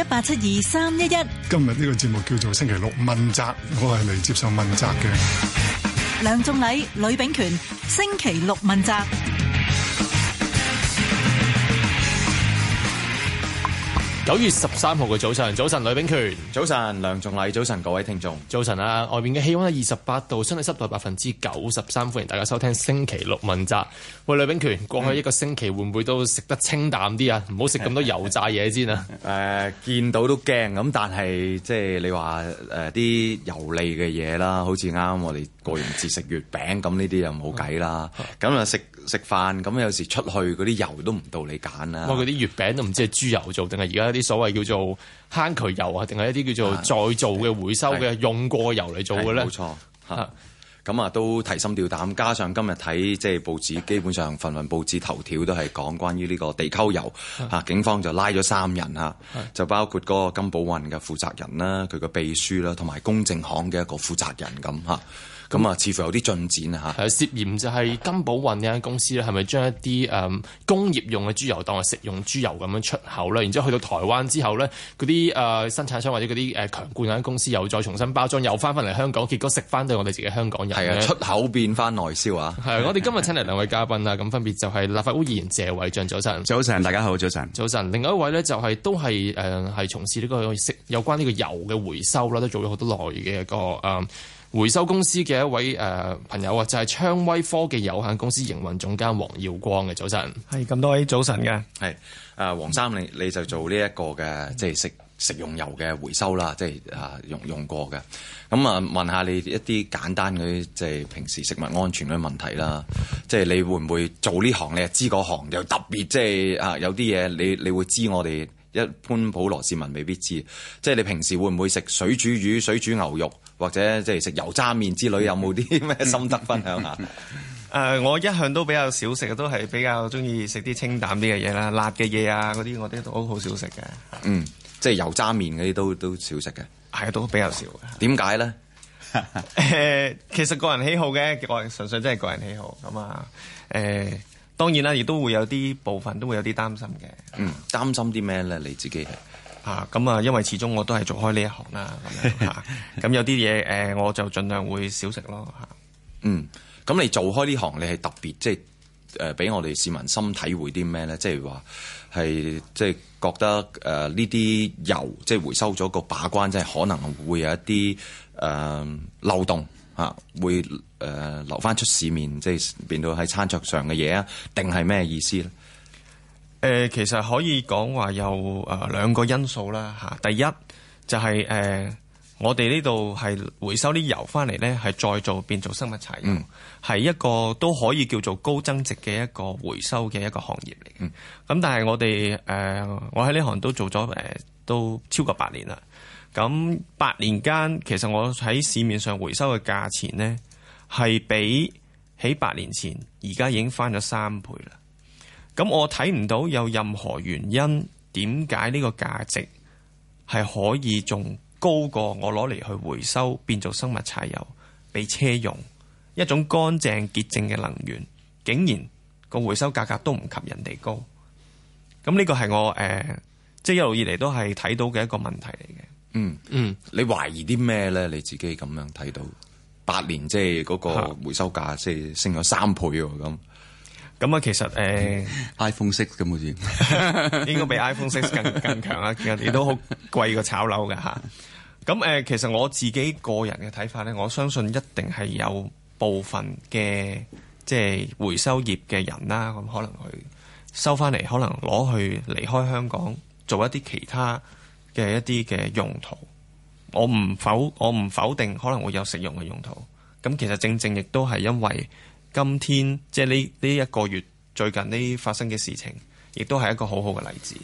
一八七二三一一，72，今日呢個節目叫做星期六問責，我係嚟接受問責嘅。梁仲禮、呂炳權，星期六問責。九月十三號嘅早上，早晨，呂炳權，早晨，梁仲禮，早晨，各位聽眾，早晨啊，外面嘅氣温係二十八度，相對濕度百分之九十三，歡迎大家收聽星期六問責。喂，呂炳權，過去一個星期會唔會都食得清淡啲啊？唔好食咁多油炸嘢先啊！誒、 呃，見到都驚咁，但係即係你話誒啲油膩嘅嘢啦，好似啱我哋。過年節食月餅，咁呢啲又冇計啦。咁啊、嗯，食食飯咁，有時出去嗰啲油都唔到你揀啦。哇、哦！嗰啲月餅都唔知係豬油做定係而家啲所謂叫做坑渠油啊，定係一啲叫做再造嘅回收嘅是用過油嚟做嘅咧？冇錯嚇，咁是啊都提心吊膽。加上今日睇即係報紙，基本上份份報紙頭條都係講關於呢個地溝油嚇是、啊，警方就拉咗三人嚇，是就包括嗰個金寶運嘅負責人啦，佢嘅秘書啦，同埋公正行嘅一個負責人咁嚇。啊啊咁啊，似乎有啲進展啊！嚇、嗯，係涉嫌就係金寶運呢間公司咧，係咪將一啲誒、嗯、工業用嘅豬油當係食用豬油咁樣出口咧？然之後去到台灣之後咧，嗰啲誒生產商或者嗰啲誒強冠嗰間公司又再重新包裝，又翻翻嚟香港，結果食翻對我哋自己香港人係啊！出口變翻內銷啊！係、啊，我哋今日請嚟兩位嘉賓啊，咁 分別就係立法會議員謝偉俊，早晨，早晨大家好，早晨早晨。另外一位咧就係、是、都係誒係從事呢、這個食有關呢個油嘅回收啦，都做咗好多耐嘅一個誒。嗯嗯回收公司嘅一位誒、呃、朋友啊，就係、是、昌威科技有限公司營運總監黃耀光嘅早晨。係咁多位早晨嘅。係誒黃生，你你就做呢一個嘅即係食食用油嘅回收啦，即係啊用用過嘅。咁啊問下你一啲簡單嘅即係平時食物安全嘅問題啦。即、就、係、是、你會唔會做呢行？你係知嗰行又特別，即、就、係、是、啊有啲嘢你你會知我哋。一般普羅市民未必知，即係你平時會唔會食水煮魚、水煮牛肉，或者即係食油渣麵之類，有冇啲咩心得分享下？誒、 呃，我一向都比較少食嘅，都係比較中意食啲清淡啲嘅嘢啦，辣嘅嘢啊嗰啲我哋都好少食嘅。嗯，即係油渣麵嗰啲都都少食嘅。係都比較少。點解咧？誒、 呃，其實個人喜好嘅，我純粹真係個人喜好咁啊。誒、呃。當然啦，亦都會有啲部分都會有啲擔心嘅。嗯，擔心啲咩咧？你自己啊，咁啊，因為始終我都係做開呢一行啦。咁、 啊、有啲嘢誒，我就盡量會少食咯。啊、嗯，咁你做開呢行，你係特別即係誒，俾、就是呃、我哋市民心體會啲咩咧？即係話係即係覺得誒呢啲油即係、就是、回收咗個把關，即、就、係、是、可能會有一啲誒、呃、漏洞啊，會。誒，留翻出市面，即係變到喺餐桌上嘅嘢啊，定係咩意思咧？誒，其實可以講話有誒兩、呃、個因素啦。吓，第一就係、是、誒、呃，我哋呢度係回收啲油翻嚟咧，係再做變做生物柴油，係、嗯、一個都可以叫做高增值嘅一個回收嘅一個行業嚟。咁、嗯、但係我哋誒、呃，我喺呢行都做咗誒、呃、都超過八年啦。咁八年間，其實我喺市面上回收嘅價錢咧。係比起八年前，而家已經翻咗三倍啦。咁我睇唔到有任何原因，點解呢個價值係可以仲高過我攞嚟去回收變做生物柴油俾車用一種乾淨潔淨嘅能源，竟然個回收價格都唔及人哋高。咁呢個係我誒，即、呃、係一路以嚟都係睇到嘅一個問題嚟嘅。嗯嗯，你懷疑啲咩呢？你自己咁樣睇到。八年即係個回收價，即係升咗三倍喎咁。咁啊，嗯，其實誒，iPhone six 咁好似，呃、應該比 iPhone six 更 更強啊！其實你都好貴過炒樓噶吓。咁，呃、誒，其實我自己個人嘅睇法咧，我相信一定係有部分嘅即係回收業嘅人啦，咁可能去收翻嚟，可能攞去離開香港做一啲其他嘅一啲嘅用途。我唔否，我唔否定可能會有食用嘅用途，咁其實正正亦都係因為今天，即係呢呢一個月最近呢發生嘅事情，亦都係一個好好嘅例子。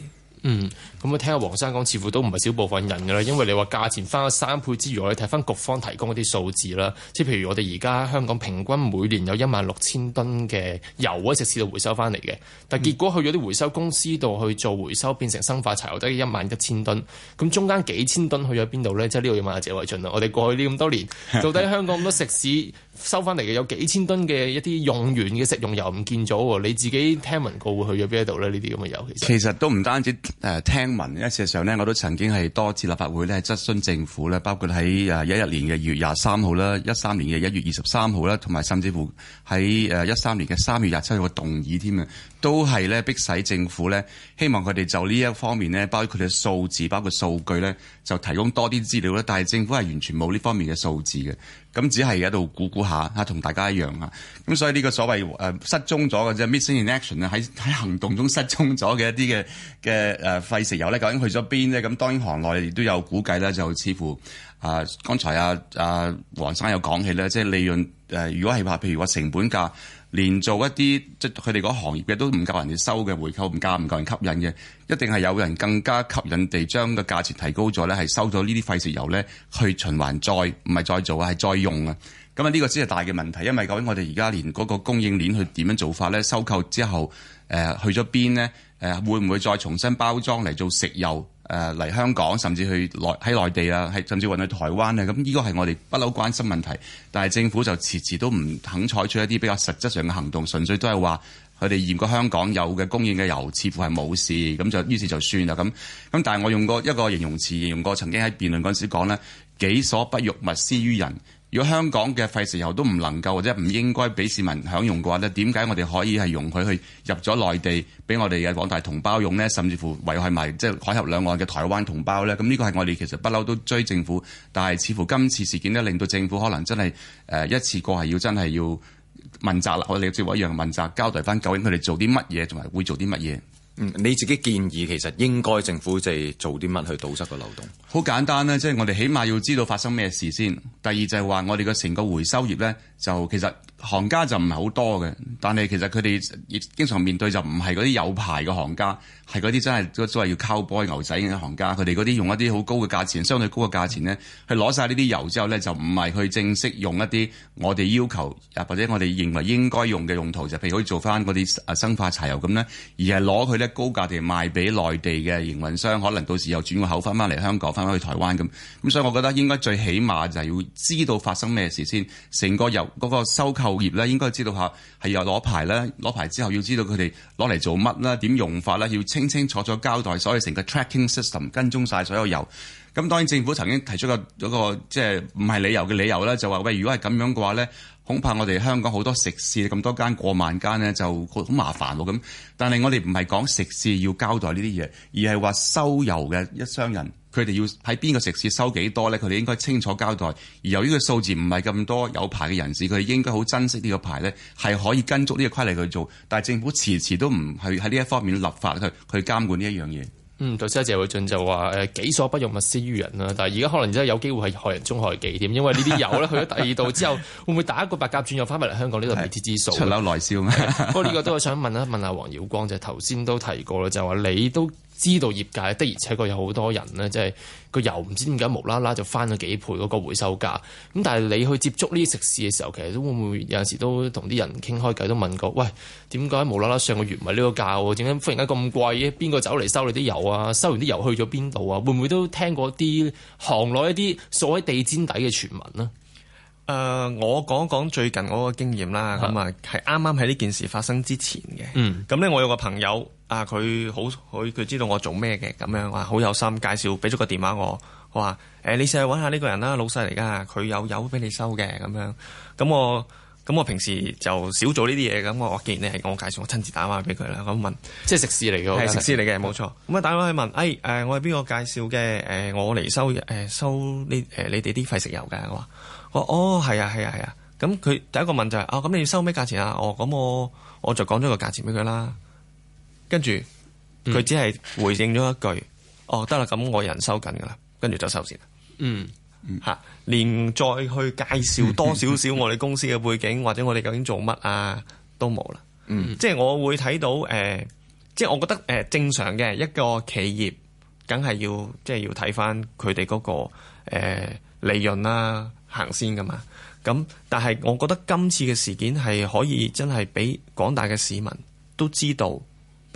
嗯，咁我聽阿黃生講，似乎都唔係少部分人嘅啦。因為你話價錢翻咗三倍之餘，我哋睇翻局方提供一啲數字啦。即係譬如我哋而家香港平均每年有一萬六千噸嘅油喺食肆度回收翻嚟嘅，但係結果去咗啲回收公司度去做回收，變成生化柴油得一萬一千噸。咁中間幾千噸去咗邊度呢？即係呢個要問阿謝偉俊啦。我哋過去呢咁多年，到底 香港咁多食肆。收翻嚟嘅有幾千噸嘅一啲用完嘅食用油唔見咗喎，你自己聽聞過會去咗邊一度咧？呢啲咁嘅油其實，其實都唔單止誒聽聞咧，事實上咧我都曾經係多次立法會咧質詢政府咧，包括喺誒一一年嘅二月廿三號啦，一三年嘅一月二十三號啦，同埋甚至乎喺誒一三年嘅三月廿七號嘅動議添啊！都係咧逼使政府咧，希望佢哋就呢一方面咧，包括佢哋嘅數字，包括數據咧，就提供多啲資料咧。但係政府係完全冇呢方面嘅數字嘅，咁只係喺度估估下嚇，同大家一樣嚇。咁所以呢個所謂誒失蹤咗嘅啫、就是，missing in action 咧，喺喺行動中失蹤咗嘅一啲嘅嘅誒廢食油咧，究竟去咗邊咧？咁當然行內亦都有估計咧，就似乎啊、呃，剛才啊啊黃生有講起咧，即、就、係、是、利潤誒、呃，如果係話譬如話成本價。連做一啲即係佢哋嗰行業嘅都唔夠人哋收嘅回扣唔夠唔夠人吸引嘅，一定係有人更加吸引地將個價錢提高咗咧，係收咗呢啲廢食油咧去循環再唔係再做啊，係再用啊。咁啊呢個先係大嘅問題，因為究竟我哋而家連嗰個供應鏈去點樣做法咧？收購之後誒、呃、去咗邊咧？誒、呃、會唔會再重新包裝嚟做食油？誒嚟、呃、香港，甚至去內喺內地啊，係甚至運去台灣啊。咁呢個係我哋不嬲關心問題，但係政府就遲遲都唔肯採取一啲比較實質上嘅行動，純粹都係話佢哋驗過香港有嘅供應嘅油，似乎係冇事，咁就於是就算啦咁。咁但係我用過一個形容詞，形容過曾經喺辯論嗰陣時講咧，己所不欲，勿施於人。如果香港嘅廢食油都唔能夠或者唔應該俾市民享用嘅話，咧，點解我哋可以係容許佢去入咗內地，俾我哋嘅廣大同胞用呢？甚至乎維係埋即係海峽兩岸嘅台灣同胞咧？咁呢個係我哋其實不嬲都追政府，但係似乎今次事件咧，令到政府可能真係誒一次過係要真係要問責啦。我哋接話一樣問責交代翻究竟佢哋做啲乜嘢，同埋會做啲乜嘢。嗯，你自己建議其實應該政府就係做啲乜去堵塞個漏洞？好簡單啦，即係我哋起碼要知道發生咩事先，第二就係話我哋個成個回收業呢，就其實。行家就唔係好多嘅，但係其實佢哋亦經常面對就唔係啲有牌嘅行家，係啲真係個所謂要 cow boy 牛仔嘅行家。佢哋啲用一啲好高嘅價錢相對高嘅價錢咧，去攞晒呢啲油之後咧，就唔係去正式用一啲我哋要求啊，或者我哋認為應該用嘅用途，就譬如可以做翻啲啊生化柴油咁咧，而係攞佢咧高價嚟賣俾內地嘅營運商，可能到時又轉個口翻翻嚟香港，翻翻去台灣咁。咁所以我覺得應該最起碼就係要知道發生咩事先，成個油、嗰個收購。後業咧，應該知道下係要攞牌咧，攞牌之後要知道佢哋攞嚟做乜啦，點用法啦，要清清楚楚交代。所以成個 tracking system 跟蹤晒所有油。咁當然政府曾經提出過嗰個即係唔係理由嘅理由咧，就話喂，如果係咁樣嘅話咧，恐怕我哋香港好多食肆咁多間過萬間咧，就好麻煩咯。咁但係我哋唔係講食肆要交代呢啲嘢，而係話收油嘅一商人。佢哋要喺邊個食肆收幾多咧？佢哋應該清楚交代。而由於個數字唔係咁多，有牌嘅人士，佢哋應該好珍惜呢個牌咧，係可以跟足呢個規例去做。但係政府遲遲都唔係喺呢一方面立法去去監管呢一樣嘢。嗯，頭先謝偉俊就話誒、呃、己所不欲，勿施於人啦。但係而家可能真係有機會係害人中害己添，因為呢啲油咧去咗第二度之後， 會唔會打一個白鴿轉又翻返嚟香港呢度？未必之數？出口內銷 不過呢個都係我想問一問阿黃耀光就頭先都提過啦，就話你都。知道業界，的而且確有好多人呢，即係個油唔知點解無啦啦就翻咗幾倍嗰個回收價。咁但係你去接觸呢啲食肆嘅時候，其實都會唔會有陣時都同啲人傾開偈，都問過：喂，點解無啦啦上個月唔係呢個價喎？點解忽然間咁貴嘅？邊個走嚟收你啲油啊？收完啲油去咗邊度啊？會唔會都聽過啲行內一啲所謂地氈底嘅傳聞咧？誒、呃，我講一講最近我個經驗啦。咁啊，係啱啱喺呢件事發生之前嘅。咁咧，我有個朋友。啊！佢好，佢佢知道我做咩嘅咁樣，話好有心介紹，俾咗個電話我。我話、欸、你試下揾下呢個人啦，老細嚟噶，佢有油俾你收嘅咁樣。咁我咁我平時就少做呢啲嘢咁，我既然你係我介紹，我親自打電話俾佢啦。咁問，即係食肆嚟嘅，係食肆嚟嘅，冇的錯。咁啊，打電話去問，誒、哎、誒，我係邊個介紹嘅？誒，我嚟收誒收呢誒你哋啲廢食油嘅。我話，哦係啊係啊係啊。咁佢第一個問就係、是、啊，咁、嗯、你要收咩價錢啊？哦，咁、哦、我、嗯就哦、我就講咗個價錢俾佢啦。哦跟住佢只係回應咗一句：，mm. 哦，得啦，咁我人收緊噶啦，跟住就收綫啦。嗯，吓連再去介紹多少少，少我哋公司嘅背景，mm. 或者我哋究竟做乜啊，都冇啦。嗯、mm. 呃，即係我會睇到誒，即係我覺得誒正常嘅一個企業，梗係要即係、就是、要睇翻佢哋嗰個誒、呃、利潤啦、啊、行先噶嘛。咁但係我覺得今次嘅事件係可以真係俾廣大嘅市民都知道。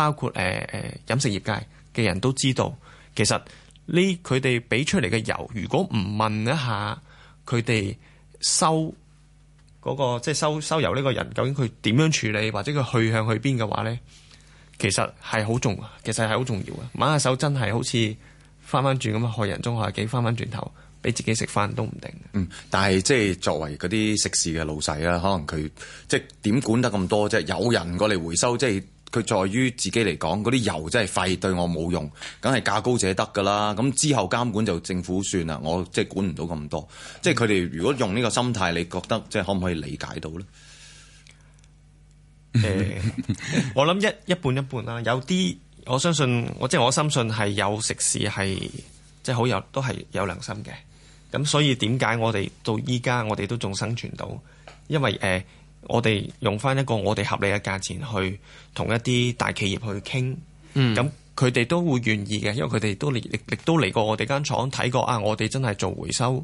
包括誒誒、呃呃、飲食業界嘅人都知道，其實呢佢哋俾出嚟嘅油，如果唔問一下佢哋收嗰、嗰個，即係收收油呢個人究竟佢點樣處理，或者佢去向去邊嘅話咧，其實係好重，其實係好重要嘅。揾下手真係好似翻翻轉咁，害人終，害己，翻翻轉頭俾自己食飯都唔定。嗯，但係即係作為嗰啲食肆嘅老細啦，可能佢即係點管得咁多即係？有人過嚟回收，即係。佢在於自己嚟講，嗰啲油真係廢，對我冇用，梗係價高者得㗎啦。咁之後監管就政府算啦，我即係管唔到咁多。即係佢哋如果用呢個心態，你覺得即係可唔可以理解到咧？誒、呃，我諗一一半一半啦，啊。有啲我相信，我即係、就是、我深信係有食肆係即係好有都係有良心嘅。咁所以點解我哋到依家我哋都仲生存到？因為誒。呃我哋用翻一個我哋合理嘅價錢去同一啲大企業去傾，嗯，咁佢哋都會願意嘅，因為佢哋都嚟，亦亦都嚟過我哋間廠睇過啊！我哋真係做回收。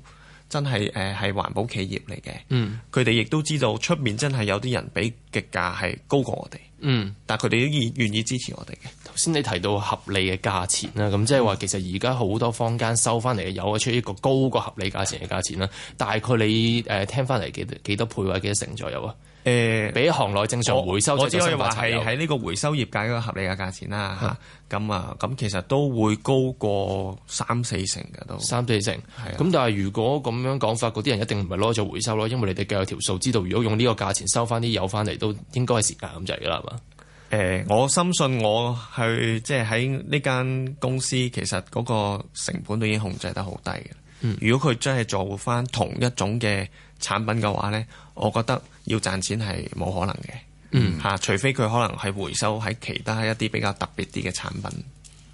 真係誒係環保企業嚟嘅，佢哋亦都知道出面真係有啲人俾嘅價係高過我哋，嗯、但係佢哋都願願意支持我哋嘅。頭先你提到合理嘅價錢啦，咁即係話其實而家好多坊間收翻嚟嘅有得出一個高過合理價錢嘅價錢啦，大概你誒、呃、聽翻嚟幾多幾多倍位幾多成左右啊？誒，俾、欸、行內正常回收，我只可以話係喺呢個回收業界一個合理嘅價錢啦。嚇、嗯，咁啊，咁其實都會高過三四成㗎都。三四成，係啊。咁但係如果咁樣講法，嗰啲人一定唔係攞咗回收咯，因為你哋計有條數，知道如果用呢個價錢收翻啲油翻嚟，都應該係蝕價咁滯㗎啦，係嘛？誒、欸，我深信我去即係喺呢間公司，其實嗰個成本都已經控制得好低嘅。嗯、如果佢真係做翻同一種嘅。產品嘅話咧，我覺得要賺錢係冇可能嘅，嚇、嗯啊，除非佢可能係回收喺其他一啲比較特別啲嘅產品。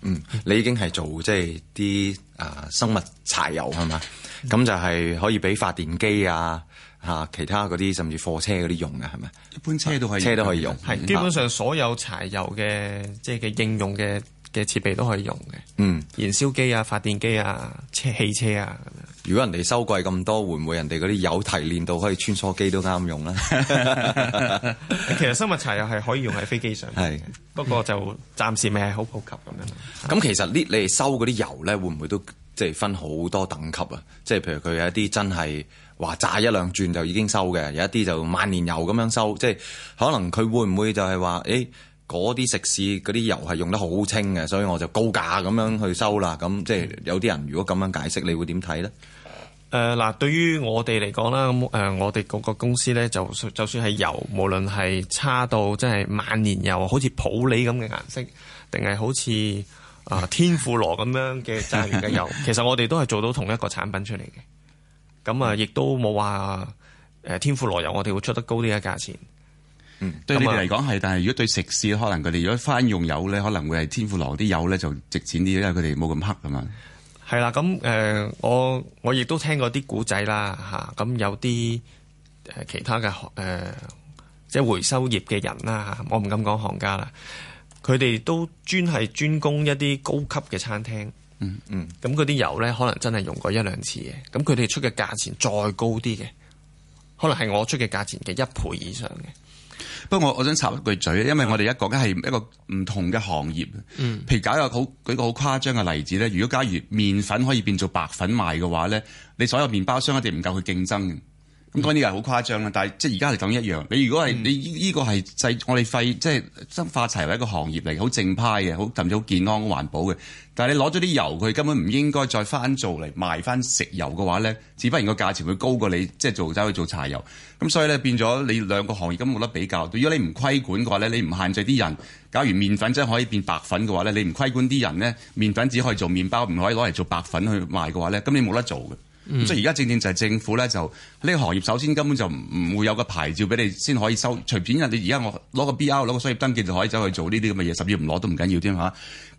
嗯，你已經係做即係啲啊生物柴油係嘛？咁就係可以俾發電機啊嚇、啊，其他嗰啲甚至貨車嗰啲用啊，係咪？一般車都可以，是車都可以用。係是是基本上所有柴油嘅即係嘅應用嘅。嘅設備都可以用嘅，嗯，燃燒機啊、發電機啊、車汽車啊。如果人哋收貴咁多，會唔會人哋嗰啲油提煉到可以穿梭機都啱用咧？ 其實生物柴油係可以用喺飛機上，係不過就暫時未係好普及咁樣。咁，嗯，其實啲你哋收嗰啲油咧，會唔會都即係分好多等級啊？即係譬如佢有一啲真係話炸一兩轉就已經收嘅，有一啲就萬年油咁樣收，即係可能佢會唔會就係話誒？欸嗰啲食肆嗰啲油係用得好清嘅，所以我就高價咁樣去收啦。咁即係有啲人如果咁樣解釋，你會點睇咧？誒，嗱，對於我哋嚟講啦，咁、呃、誒，我哋嗰個公司咧，就就算係油，無論係差到即係萬年油，好似普洱咁嘅顏色，定係好似啊、呃、天婦羅咁樣嘅炸嘢嘅油， 其實我哋都係做到同一個產品出嚟嘅。咁啊、呃，亦都冇話誒天婦羅油，我哋會出得高啲嘅價錢。嗯、對你哋嚟講係，嗯、但係是如果對食肆，可能佢哋如果翻用油咧，可能會係天婦羅啲油咧就值錢啲，因為佢哋冇咁黑啊嘛。係啦、嗯，咁誒、呃，我我亦都聽過啲古仔啦，吓、啊、咁有啲誒、呃、其他嘅，誒、呃、即係回收業嘅人啦，我唔敢講行家啦。佢哋都專係專供一啲高級嘅餐廳、嗯，嗯嗯，咁嗰啲油咧可能真係用過一兩次嘅，咁佢哋出嘅價錢再高啲嘅，可能係我出嘅價錢嘅一倍以上嘅。不過我我想插一句嘴，因為我哋一個係一個唔同嘅行業，嗯，譬如假有好，舉個好誇張嘅例子咧，如果假如麵粉可以變做白粉賣嘅話咧，你所有麵包商一定唔夠佢競爭嘅。咁呢個係好誇張啦，但係即係而家嚟講一樣。你如果係、嗯、你依個係製我哋廢即係生化柴油一個行業嚟，好正派嘅，好甚至好健康、環保嘅。但係你攞咗啲油，佢根本唔應該再翻做嚟賣翻食油嘅話咧，只不然個價錢會高過你即係、就是、做走去做，做，做柴油。咁所以咧變咗你兩個行業根本冇得比較。如果你唔規管嘅話咧，你唔限制啲人，假如麵粉真係可以變白粉嘅話咧，你唔規管啲人咧，麵粉只可以做麵包，唔可以攞嚟做白粉去賣嘅話咧，咁你冇得做嘅。嗯、所以而家正正就係政府咧，就呢個行業首先根本就唔會有個牌照俾你，先可以收。隨便人，你而家我攞個 BR，攞個商業登記就可以走去做呢啲咁嘅嘢，甚至唔攞都唔緊要添嚇。啊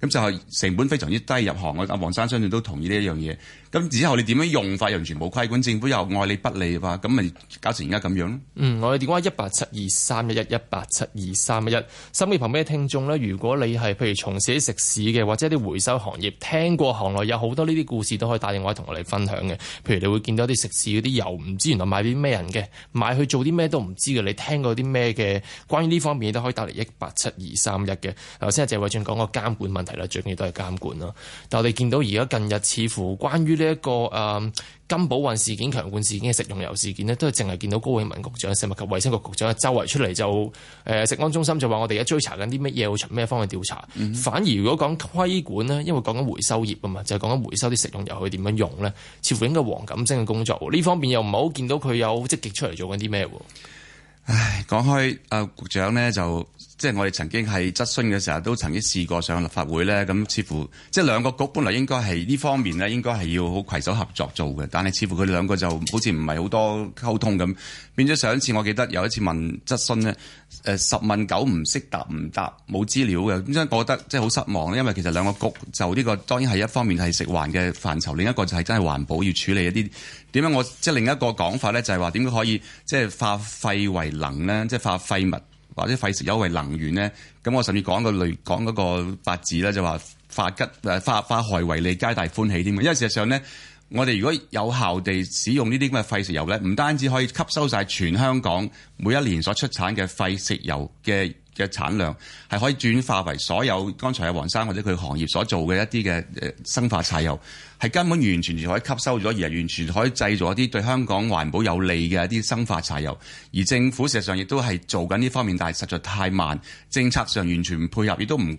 咁就係成本非常之低入行，我阿黃生相信都同意呢一樣嘢。咁之後你點樣用法，又完全冇規管，政府又愛理不理。話咁咪搞成而家咁樣。嗯，我哋電話一八七二三一一一八七二三一一，心機旁邊嘅聽眾咧，如果你係譬如從事啲食肆嘅，或者啲回收行業，聽過行內有好多呢啲故事，都可以打電話同我哋分享嘅。譬如你會見到啲食肆嗰啲油，唔知原來買俾咩人嘅，買去做啲咩都唔知嘅，你聽過啲咩嘅？關於呢方面都可以打嚟一八七二三一嘅。頭先阿謝偉俊講個監管問題。啦，最緊要都係監管咯。但係我哋見到而家近日，似乎關於呢一個誒、呃、金寶運事件、強冠事件嘅食用油事件咧，都係淨係見到高永文局長、食物及衛生局局長周圍出嚟就誒、呃、食安中心就話我哋而家追查緊啲乜嘢，會從咩方面調查。嗯嗯，反而如果講規管呢，因為講緊回收業啊嘛，就係講緊回收啲食用油會點樣用呢？似乎應該黃錦星嘅工作呢方面又唔係好見到佢有積極出嚟做緊啲咩。唉，講開啊，局長呢，就即係我哋曾經喺質詢嘅時候，都曾經試過上立法會呢。咁、嗯、似乎即係兩個局本來應該係呢方面呢，應該係要好攜手合作做嘅。但係似乎佢哋兩個就好似唔係好多溝通咁。變咗上一次，我記得有一次問質詢呢，誒、呃、十問九唔識答，唔答冇資料嘅。咁所以我覺得即係好失望，因為其實兩個局就呢、呢個當然係一方面係食環嘅範疇，另一個就係真係環保要處理一啲點樣我。我即係另一個講法呢、就是，就係話點解可以即係化廢為？能咧，即係化廢物或者廢食油為能源咧，咁我甚至講個類講嗰個八字咧，就話，是、化吉，誒化化害為利，皆大歡喜添嘛。因為事實上咧，我哋如果有效地使用呢啲咁嘅廢食油咧，唔單止可以吸收晒全香港每一年所出產嘅廢食油嘅。嘅產量係可以轉化為所有剛才阿黃生或者佢行業所做嘅一啲嘅誒生化柴油，係根本完完全全可以吸收咗，而係完全可以製造一啲對香港環保有利嘅一啲生化柴油。而政府事實上亦都係做緊呢方面，但係實在太慢，政策上完全唔配合，亦都唔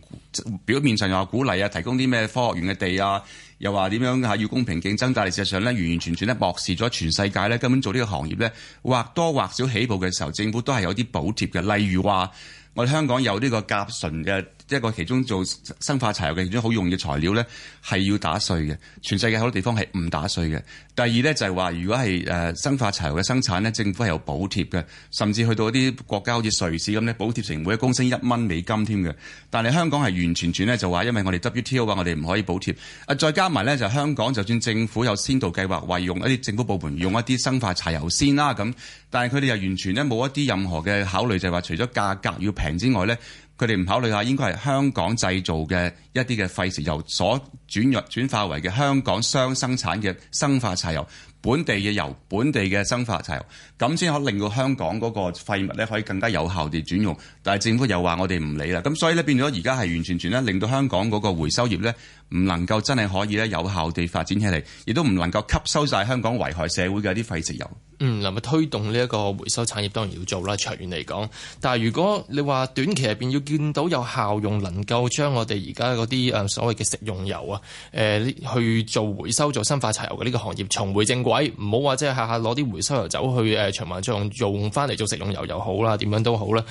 表面上又話鼓勵啊，提供啲咩科學園嘅地啊，又話點樣啊要公平競爭，但係事實上咧，完完全全咧漠視咗全世界咧根本做呢個行業咧或多或少起步嘅時候，政府都係有啲補貼嘅，例如話。我哋香港有呢個甲醇嘅，一個其中做生化柴油嘅其中好用嘅材料咧，係要打碎嘅。全世界好多地方係唔打碎嘅。第二咧就係話，如果係誒生化柴油嘅生產咧，政府係有補貼嘅，甚至去到一啲國家好似瑞士咁咧，補貼成每公升一蚊美金添嘅。但係香港係完全轉咧就話，因為我哋 WTO 啊，我哋唔可以補貼。啊，再加埋咧就香港，就算政府有先導計劃，話用一啲政府部門用一啲生化柴油先啦咁，但係佢哋又完全咧冇一啲任何嘅考慮，就係話除咗價格要平之外咧。佢哋唔考慮下，應該係香港製造嘅一啲嘅廢食油，所轉入轉化為嘅香港商生產嘅生化柴油，本地嘅油，本地嘅生化柴油，咁先可令到香港嗰個廢物咧可以更加有效地轉用。但係政府又話我哋唔理啦，咁所以咧變咗而家係完全全咧令到香港嗰個回收業咧。唔能夠真係可以咧有效地發展起嚟，亦都唔能夠吸收晒香港危害社會嘅一啲廢石油。嗯，能夠推動呢一個回收產業，當然要做啦。長遠嚟講，但係如果你話短期入邊要見到有效用，能夠將我哋而家嗰啲誒所謂嘅食用油啊，誒、呃、去做回收、做生化柴油嘅呢個行業重回正軌，唔好話即係下下攞啲回收油走去誒、呃、循環再用，用翻嚟做食用油又好啦，點樣都好啦。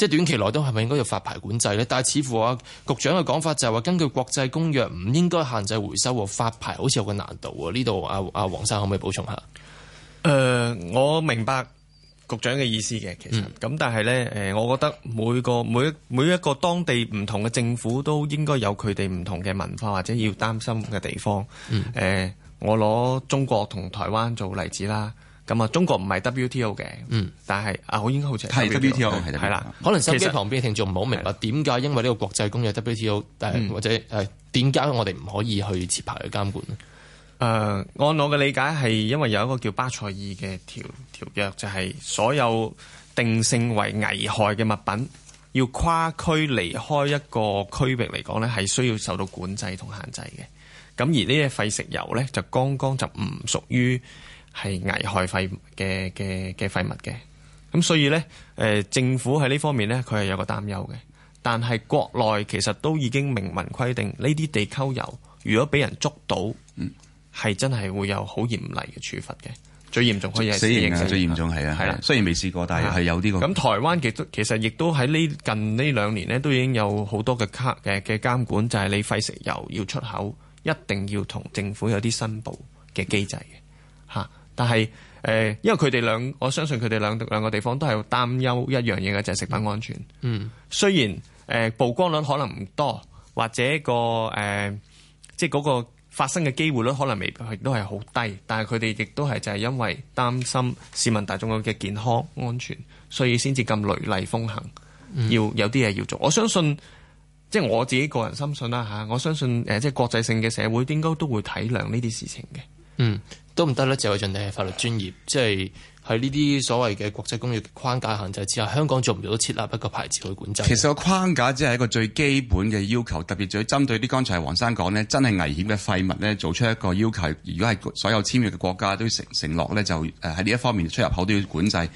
即係短期內都係咪應該要發牌管制咧？但係似乎啊，局長嘅講法就係話，根據國際公約，唔應該限制回收喎。發牌好似有個難度喎。呢度啊，阿，啊，黃生可唔可以補充下？誒，呃，我明白局長嘅意思嘅，其實咁，但係咧誒，我覺得每個每一每一個當地唔同嘅政府都應該有佢哋唔同嘅文化或者要擔心嘅地方。誒，嗯，呃，我攞中國同台灣做例子啦。咁啊，中國唔係 WTO 嘅，嗯，但係啊，我應該好清楚，WTO 係啦，可能收音機旁邊嘅聽眾唔好明白點解，因為呢個國際公約 WTO，或者誒點解我哋唔可以去設牌去監管咧？誒、嗯，按我嘅理解係因為有一個叫巴塞爾嘅條條約，就係所有定性為危害嘅物品，要跨區離開一個區域嚟講咧，係需要受到管制同限制嘅。咁而呢啲廢食油呢，就剛剛就唔屬於。係危害廢嘅嘅嘅廢物嘅，咁所以咧，誒、呃、政府喺呢方面咧，佢係有個擔憂嘅。但係國內其實都已經明文規定，呢啲地溝油如果俾人捉到，係、嗯、真係會有好嚴厲嘅處罰嘅。最嚴重可以死刑，最嚴重係啊，係啦、啊。啊啊、雖然未試過，啊、但係係有啲咁、啊。咁、啊、台灣其實亦都喺呢近呢兩年呢，都已經有好多嘅監嘅嘅監管，就係、是、你廢食油要出口，一定要同政府有啲申報嘅機制嘅，嚇。但係誒、呃，因為佢哋兩，我相信佢哋兩兩個地方都係擔憂一樣嘢嘅，就係、是、食品安全。嗯。雖然誒、呃、曝光率可能唔多，或者個誒、呃、即係嗰個發生嘅機會率可能未必係都係好低，但係佢哋亦都係就係因為擔心市民大眾嘅健康安全，所以先至咁雷厲風行，要有啲嘢要做。嗯、我相信，即係我自己個人深信啦嚇、啊，我相信誒、呃、即係國際性嘅社會應該都會體諒呢啲事情嘅。嗯，都唔得咧，謝偉俊你係法律專業，即係喺呢啲所謂嘅國際工業框架限制之下，香港做唔到設立一個牌子去管制。其實個框架只係一個最基本嘅要求，特別仲要針對啲剛才黃生講呢，真係危險嘅廢物呢，做出一個要求。如果係所有簽約嘅國家都承承諾呢，就誒喺呢一方面出入口都要管制。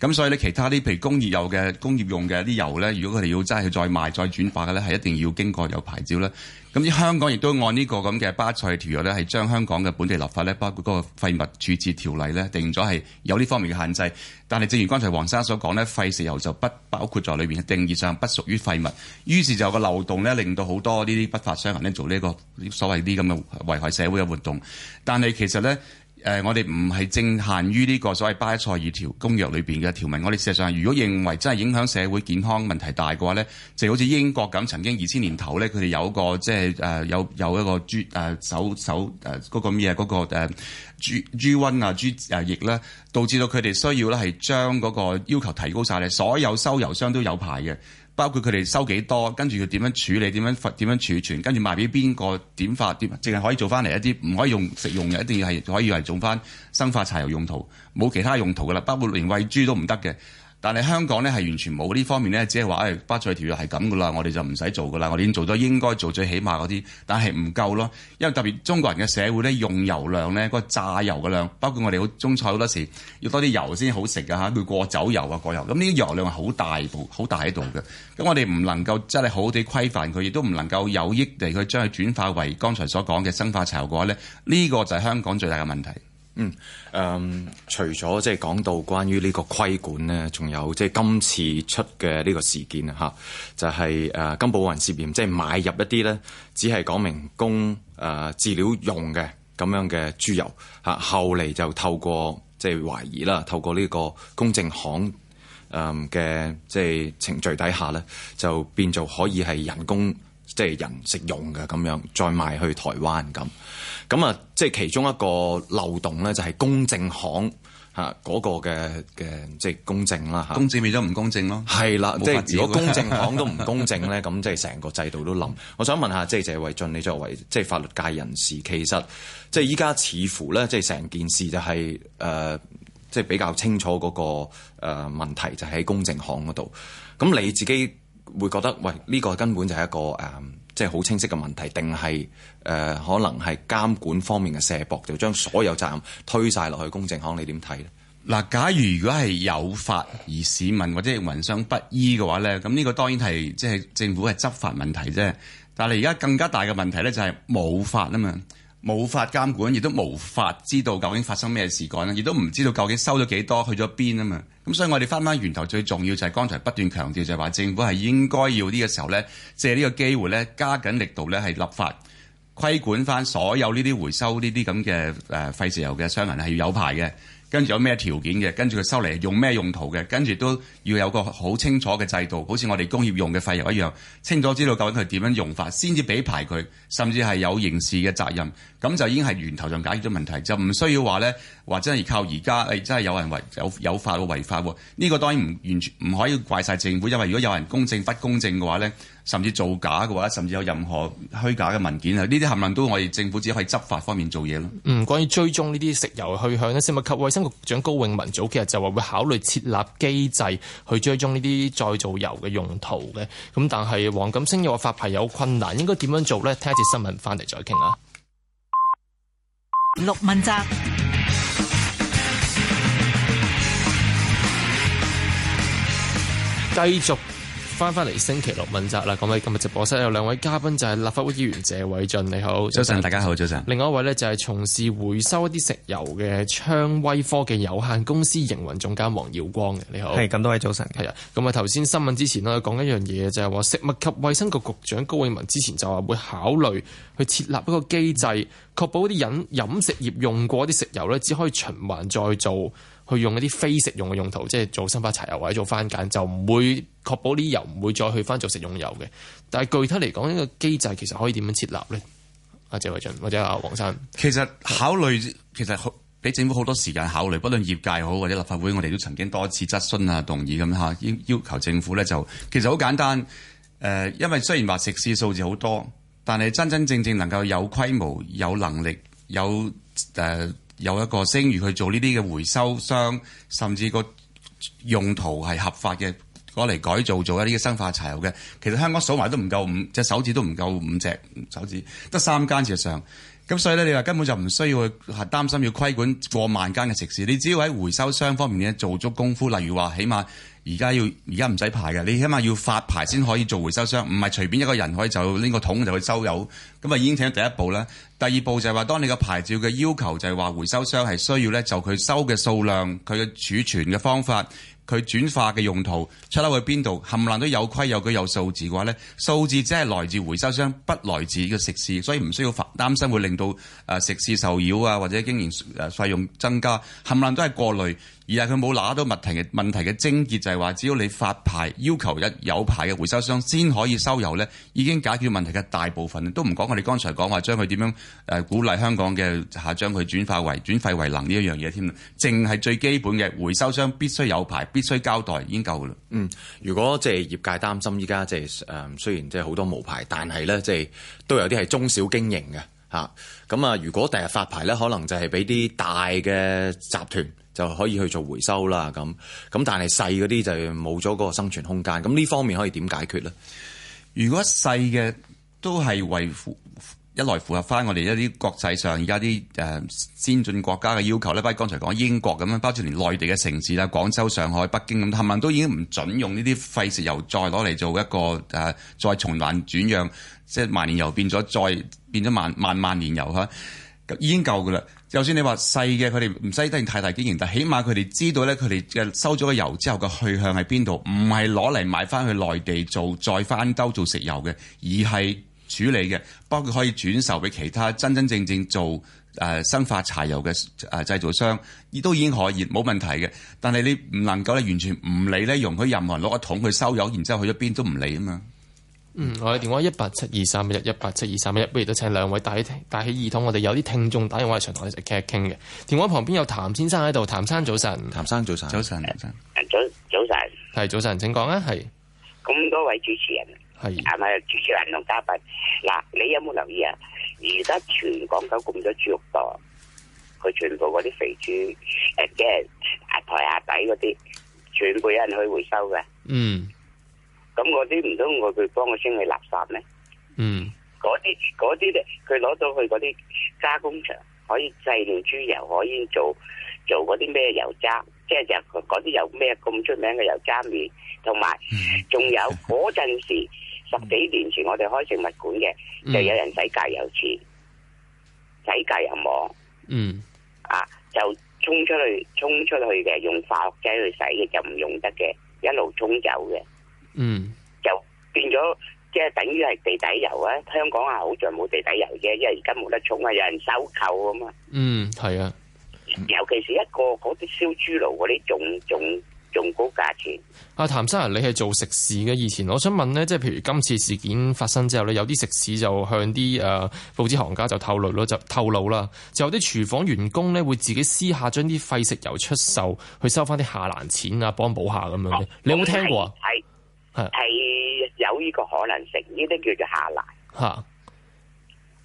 咁所以咧，其他啲譬如工業油嘅、工業用嘅啲油咧，如果佢哋要真係再賣、再轉化嘅咧，係一定要經過有牌照啦。咁香港亦都按呢個咁嘅巴塞條約咧，係將香港嘅本地立法咧，包括嗰個廢物處置條例咧，定咗係有呢方面嘅限制。但係正如剛才黃生所講咧，廢石油就不包括在裏邊嘅，定義上不屬於廢物。於是就有個漏洞咧，令到好多呢啲不法商人咧，做呢個所謂啲咁嘅危害社會嘅活動。但係其實咧。誒、呃，我哋唔係正限於呢個所謂巴塞爾條公約裏邊嘅條文，我哋事實上如果認為真係影響社會健康問題大嘅話咧，就好似英國咁，曾經二千年頭咧，佢哋有個即係誒有有一個、呃有一個呃呃那個呃、豬誒手手誒嗰個咩啊嗰個誒豬、啊、豬瘟啊豬誒疫咧，導致到佢哋需要咧係將嗰個要求提高晒咧，所有收油商都有牌嘅。包括佢哋收幾多，跟住佢點樣處理，點樣發，點樣儲存，跟住賣俾邊個點發啲，淨係可以做翻嚟一啲，唔可以用食用嘅，一定要係可以係種翻生化柴油用途，冇其他用途噶啦，包括連餵豬都唔得嘅。但係香港咧係完全冇呢方面咧，只係話誒巴塞條約係咁噶啦，我哋就唔使做噶啦，我哋已經做咗應該做最起碼嗰啲，但係唔夠咯。因為特別中國人嘅社會咧，用油量咧，嗰、那個炸油嘅量，包括我哋好中菜好多時要多啲油先好食㗎吓，佢、啊、過走油啊過油，咁呢啲油量係好大部好大喺度嘅。咁我哋唔能夠真係好好地規範佢，亦都唔能夠有益地去將佢轉化為剛才所講嘅生化柴油嘅話咧。呢個就係香港最大嘅問題。嗯，誒、嗯，除咗即係講到關於呢個規管咧，仲有即係今次出嘅呢個事件啊，嚇、就係啊，就係誒金寶雲涉嫌即係買入一啲咧，只係講明供誒飼料用嘅咁樣嘅豬油嚇、啊，後嚟就透過即係、就係、懷疑啦，透過呢個公證行誒嘅即係程序底下咧，就變做可以係人工。即係人食用嘅咁樣，再賣去台灣咁。咁啊，即係其中一個漏洞咧，就係公正行嚇嗰個嘅嘅即係公正啦嚇。公正變咗唔公正咯。係啦，即係如果公正行都唔公正咧，咁即係成個制度都冧。我想問下，即係謝偉俊，你作為即係法律界人士，其實即係依家似乎咧，即係成件事就係誒，即係比較清楚嗰個誒問題就喺公正行嗰度。咁你自己會覺得喂，呢個根本就係一個誒，即係好清晰嘅問題，定係誒可能係監管方面嘅卸膊，就將所有責任推晒落去公證行，你點睇咧？嗱，假如如果係有法而市民或者係民商不依嘅話咧，咁呢個當然係即係政府係執法問題啫。但係而家更加大嘅問題咧，就係冇法啊嘛。無法監管，亦都無法知道究竟發生咩事幹咧，亦都唔知道究竟收咗幾多，去咗邊啊嘛。咁所以我哋翻返源頭，最重要就係剛才不斷強調就係話，政府係應該要呢個時候咧，借呢個機會咧，加緊力度咧，係立法規管翻所有呢啲回收呢啲咁嘅誒廢石油嘅商人係要有牌嘅。跟住有咩條件嘅，跟住佢收嚟用咩用途嘅，跟住都要有個好清楚嘅制度，好似我哋工業用嘅廢油一樣，清楚知道究竟佢點樣用法，先至俾牌佢，甚至係有刑事嘅責任，咁就已經係源頭上解決咗問題，就唔需要話呢，或者係靠而家，誒、哎、真係有人違有有法會違法喎，呢、呢個當然唔完全唔可以怪晒政府，因為如果有人公正不公正嘅話呢。甚至造假嘅話，甚至有任何虛假嘅文件啊，呢啲冚唪唥都我哋政府只可以執法方面做嘢咯。嗯，關於追蹤呢啲食油去向呢，食物及衛生局長高永文早幾日就話會考慮設立機制去追蹤呢啲再造油嘅用途嘅。咁但係黃錦星又話發牌有困難，應該點樣做呢？聽一節新聞翻嚟再傾啊。陸文澤繼續。翻返嚟星期六問責啦，各位，今日直播室有兩位嘉賓，就係立法會議員謝偉俊。你好，早晨。早晨大家好，早晨。另外一位呢，就係從事回收一啲食油嘅昌威科技有限公司營運總監黃耀光，你好。係，咁多位早晨，係啊。咁啊頭先新聞之前咧講一樣嘢，就係話食物及衛生局局長高永文之前就話會考慮去設立一個機制，確保啲飲飲食業用過啲食油呢，只可以循環再造。去用一啲非食用嘅用途，即係做生化柴油或者做番梘，就唔會確保啲油唔會再去翻做食用油嘅。但係具體嚟講，呢個機制其實可以點樣設立咧阿謝偉俊或者阿黃生其，其實考慮，其實，俾政府好多時間考慮，不論業界好或者立法會，我哋都曾經多次質詢啊、動議咁吓，要要求政府咧就其實好簡單誒、呃，因為雖然話食肆數字好多，但係真真正正，正能夠有規模、有能力、有誒。呃有一個聲譽去做呢啲嘅回收商，甚至個用途係合法嘅，攞嚟改造做一啲嘅生化柴油嘅。其實香港數埋都唔夠五隻手指，都唔夠五隻手指，得三間事實上。咁所以咧，你話根本就唔需要去擔心要規管過萬間嘅食肆，你只要喺回收商方面咧做足功夫，例如話起碼。而家要，而家唔使牌嘅，你起碼要發牌先可以做回收商，唔係隨便一個人可以就拎個桶就去收油。咁啊已經請第一步啦，第二步就係話，當你個牌照嘅要求就係話回收商係需要咧，就佢收嘅數量、佢嘅儲存嘅方法、佢轉化嘅用途、出得去邊度，冚唪唥都有規有據有數字嘅話咧，數字只係來自回收商，不來自嘅食肆，所以唔需要發擔心會令到誒食肆受擾啊，或者經營誒費用增加，冚唪唥都係過濾。而係佢冇拿到問題嘅問題嘅症結就係話，只要你發牌要求一有牌嘅回收商先可以收油咧，已經解決問題嘅大部分都唔講我哋剛才講話將佢點樣誒、呃、鼓勵香港嘅嚇將佢轉化為轉廢為能呢一樣嘢添，淨係最基本嘅回收商必須有牌，必須交代已經夠噶啦、嗯就是嗯就是。嗯，如果即係業界擔心依家即係誒雖然即係好多無牌，但係咧即係都有啲係中小經營嘅嚇。咁啊，如果第日發牌咧，可能就係俾啲大嘅集團。就可以去做回收啦，咁咁但係細嗰啲就冇咗嗰個生存空間，咁呢方面可以點解決咧？如果細嘅都係為一來符合翻我哋一啲國際上而家啲誒先進國家嘅要求咧，包括剛才講英國咁啦，包括連內地嘅城市啦，廣州、上海、北京咁，係咪都已經唔準用呢啲廢食油再攞嚟做一個誒、啊，再循環轉讓，即、就、係、是、萬年油變咗再變咗萬萬萬年油嚇。已經夠噶啦，就算你話細嘅，佢哋唔使得太大經營，但起碼佢哋知道咧，佢哋嘅收咗個油之後嘅去向喺邊度，唔係攞嚟買翻去內地做再翻兜做食油嘅，而係處理嘅，包括可以轉售俾其他真真正正做誒、呃、生化柴油嘅誒製造商，亦都已經可以冇問題嘅。但係你唔能夠咧完全唔理咧，容許任何人攞個桶去收油，然之後去咗邊都唔理咁嘛。嗯，我哋電話一八七二三一一八七二三一，不如都請兩位戴起戴起耳筒，我哋有啲聽眾打電話嚟長台嚟傾一傾嘅。電話旁邊有譚先生喺度，譚先生早晨，譚先生早晨，早晨，早晨，早晨，係早晨，請講啊，係。咁多位主持人係，係咪是主持人同嘉賓嗱？你有冇留意啊？而家全港九咁多豬肉檔，佢全部嗰啲肥豬誒即係台下底嗰啲，全部有人去回收嘅。嗯。咁我啲唔通我佢幫我清理垃圾咩？嗯，嗰啲啲咧，佢攞到去嗰啲加工場，可以製造豬油，可以做做嗰啲咩油渣，即係就嗰啲有咩咁出名嘅油渣麵，同埋仲有嗰陣時 十幾年前我哋開食物館嘅，就有人洗隔油池，洗隔油網，嗯，啊就沖出去沖出去嘅，用化學劑去洗嘅就唔用得嘅，一路沖走嘅。嗯，就變咗即係等於係地底油啊。香港啊，好在冇地底油啫，因為而家冇得充啊，有人收購啊嘛。嗯，係啊，尤其是一個嗰啲燒豬爐嗰啲，仲仲仲高價錢。阿譚生，你係做食肆嘅，以前我想問咧，即係譬如今次事件發生之後咧，有啲食肆就向啲誒報紙行家就透露咯，就透露啦，就有啲廚房員工咧會自己私下將啲廢食油出售，去收翻啲下欄錢啊，幫補下咁樣。你有冇聽過啊？係、嗯。係有呢個可能性，呢啲叫做下欄。吓，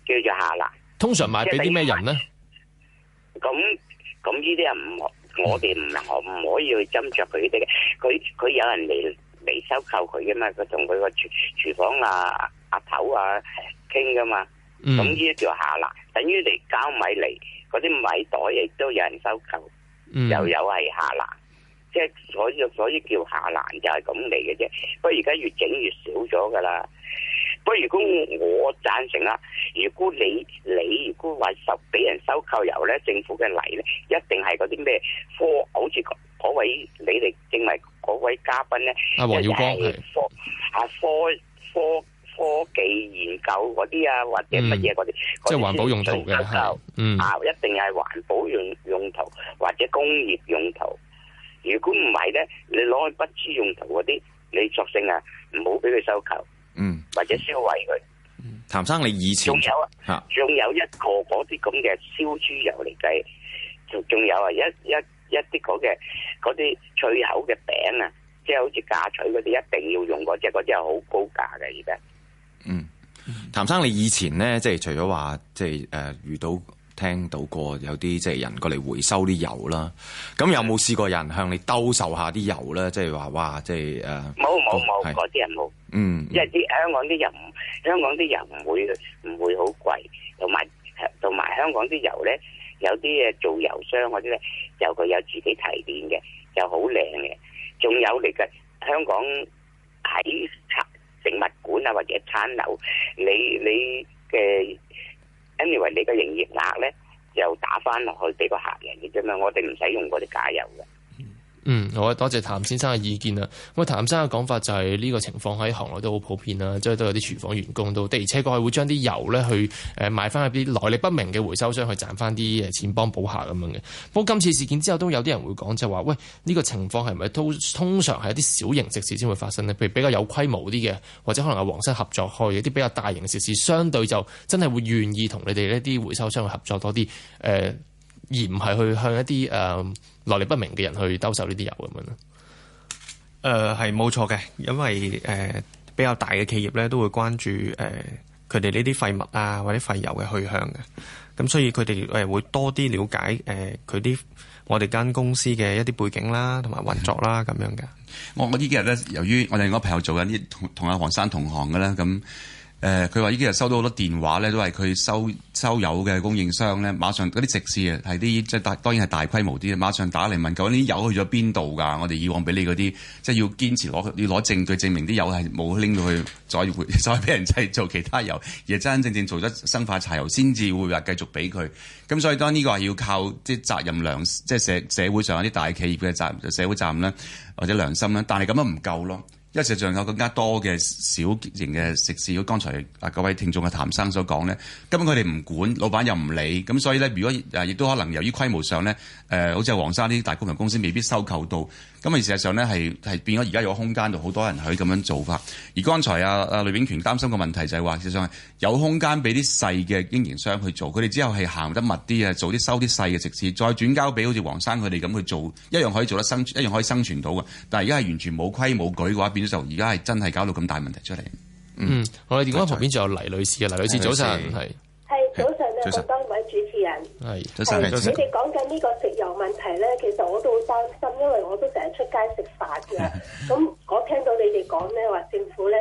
叫做下欄。通常賣俾啲咩人咧？咁咁呢啲人唔可，我哋唔可唔可以去斟酌佢呢啲嘅。佢佢有人嚟嚟收購佢嘅嘛？佢同佢個廚廚房啊阿頭啊傾噶嘛。咁呢啲叫下欄，等於嚟交米嚟，嗰啲米袋亦都有人收購，又有係下欄。即係所以所以叫下欄就係咁嚟嘅啫，不過而家越整越少咗噶啦。不過如果我贊成啦，如果你你如果話收俾人收購油咧，政府嘅嚟咧一定係嗰啲咩科，好似嗰位你哋認為嗰位嘉賓咧，阿黃耀光是啊科啊科科科技研究嗰啲啊，或者乜嘢嗰啲，嗯、那些 即係環保用途嘅係，啊、嗯、一定係環保用用途或者工業用途。如果唔係咧，你攞去不知用途嗰啲，你索性啊，唔好俾佢收購，嗯，或者銷毀佢。譚生，你以前仲有啊，仲有一個嗰啲咁嘅燒豬油嚟計，仲仲有啊一一一啲嗰嘅嗰啲脆口嘅餅啊，即係好似嫁娶嗰啲一定要用嗰隻，嗰隻係好高價嘅而家。嗯，譚生，你以前咧，即係除咗話，即係誒、呃、遇到。聽到過有啲即係人過嚟回收啲油啦，咁有冇試過人向你兜售下啲油咧？即係話哇，即係誒冇冇冇，嗰啲人冇，嗯，因為啲香港啲油，香港啲油唔會唔會好貴，同埋同埋香港啲油咧有啲誒做油商嗰啲咧就佢有自己提煉嘅，又好靚嘅，仲有嚟嘅香港喺食物館啊或者餐樓，你你嘅。anyway，你個營業額咧就打翻落去俾個客人嘅啫嘛，我哋唔使用嗰啲假油嘅。嗯，好啊，多謝譚先生嘅意見啊。咁啊，譚先生嘅講法就係呢個情況喺行內都好普遍啦，即係都有啲廚房員工都的而且確係會將啲油咧去誒賣翻入啲來歷不明嘅回收商去賺翻啲誒錢幫補下咁樣嘅。不過今次事件之後都有啲人會講就係話，喂，呢個情況係咪都通常係一啲小型食肆先會發生呢？譬如比較有規模啲嘅，或者可能係黃室合作開嘅啲比較大型食肆，相對就真係會願意同你哋呢啲回收商去合作多啲誒。呃而唔係去向一啲誒來歷不明嘅人去兜售呢啲油咁樣咯。誒係冇錯嘅，因為誒、呃、比較大嘅企業咧都會關注誒佢哋呢啲廢物啊或者廢油嘅去向嘅，咁所以佢哋誒會多啲了解誒佢啲我哋間公司嘅一啲背景啦同埋運作啦咁樣嘅。我我呢幾日咧，由於我哋我朋友做緊啲同同阿黃生同行嘅啦。咁。誒，佢話依家又收到好多電話咧，都係佢收收油嘅供應商咧，馬上嗰啲直銷係啲即係大，當然係大規模啲，馬上打嚟問究竟啲油去咗邊度㗎？我哋以往俾你嗰啲，即係要堅持攞要攞證據證明啲油係冇拎到去，再會再俾人製造其他油，而真真正正做咗生化柴油，先至會話繼續俾佢。咁所以當呢個係要靠即係責任良，即係社社會上啲大企業嘅責任社會責任咧，或者良心啦，但係咁樣唔夠咯。因為仲有更加多嘅小型嘅食肆，剛才啊各位聽眾嘅譚生所講咧，根本佢哋唔管，老闆又唔理，咁所以咧，如果啊亦都可能由於規模上咧，誒、呃、好似係黃沙呢啲大工程公司未必收購到。咁而事實上咧係係變咗，而家有個空間就好多人可以咁樣做法。而剛才啊，阿李炳權擔心嘅問題就係、是、話，就係有空間俾啲細嘅經營商去做，佢哋之後係行得密啲啊，做啲收啲細嘅食肆，再轉交俾好似黃生佢哋咁去做，一樣可以做得生，一樣可以生存到嘅。但係而家係完全冇規冇矩嘅話，變咗就而家係真係搞到咁大問題出嚟。嗯，嗯，我哋電話旁邊仲有黎女士嘅，黎女士早晨，係係早晨，早係，是嗯、你哋講緊呢個食油問題咧，其實我都好擔心，因為我都成日出街食飯嘅。咁 我聽到你哋講咧，話政府咧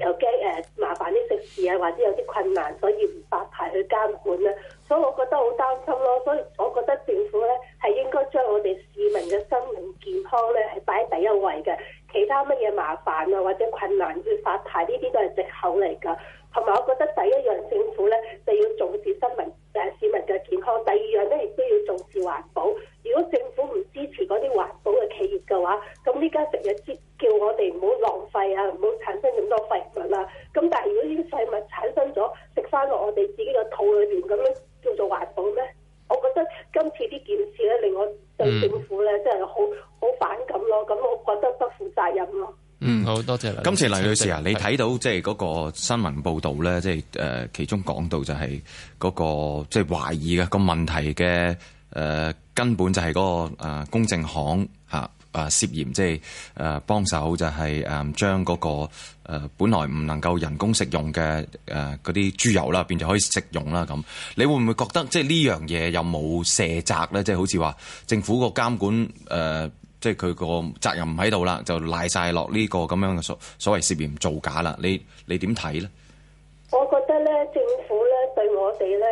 又驚誒麻煩啲食肆啊，或者有啲困難，所以唔發牌去監管啦。所以我覺得好擔心咯。所以我覺得政府咧係應該將我哋市民嘅生命健康咧係擺喺第一位嘅，其他乜嘢麻煩啊或者困難去發牌呢啲都係借口嚟噶。同埋，我覺得第一樣政府咧就要重視市民誒市民嘅健康。第二樣咧亦都要重視環保。如果政府唔支持嗰啲環保嘅企業嘅話，咁呢家成日叫叫我哋唔好浪費啊，唔好產生咁多廢物啦、啊。咁但係如果呢啲廢物產生咗，食翻落我哋自己嘅肚裏邊咁樣叫做環保咩？我覺得今次啲件事咧令我對政府咧真係好好反感咯。咁我覺得不負責任咯。嗯，好多謝。今次黎女士啊，請你睇到即係嗰個新聞報導咧，即係誒其中講到就係嗰、那個即係、就是、懷疑嘅個問題嘅誒、呃、根本就係嗰、那個、呃、公證行嚇誒、啊啊、涉嫌即係誒幫手就係誒將嗰個、呃、本來唔能夠人工食用嘅誒嗰啲豬油啦變咗可以食用啦咁，你會唔會覺得即係、就是、呢樣嘢有冇卸責咧？即、就、係、是、好似話政府個監管誒？呃呃即係佢個責任唔喺度啦，就賴晒落呢個咁樣嘅所所謂涉嫌造假啦。你你點睇咧？我覺得咧，政府咧對我哋咧，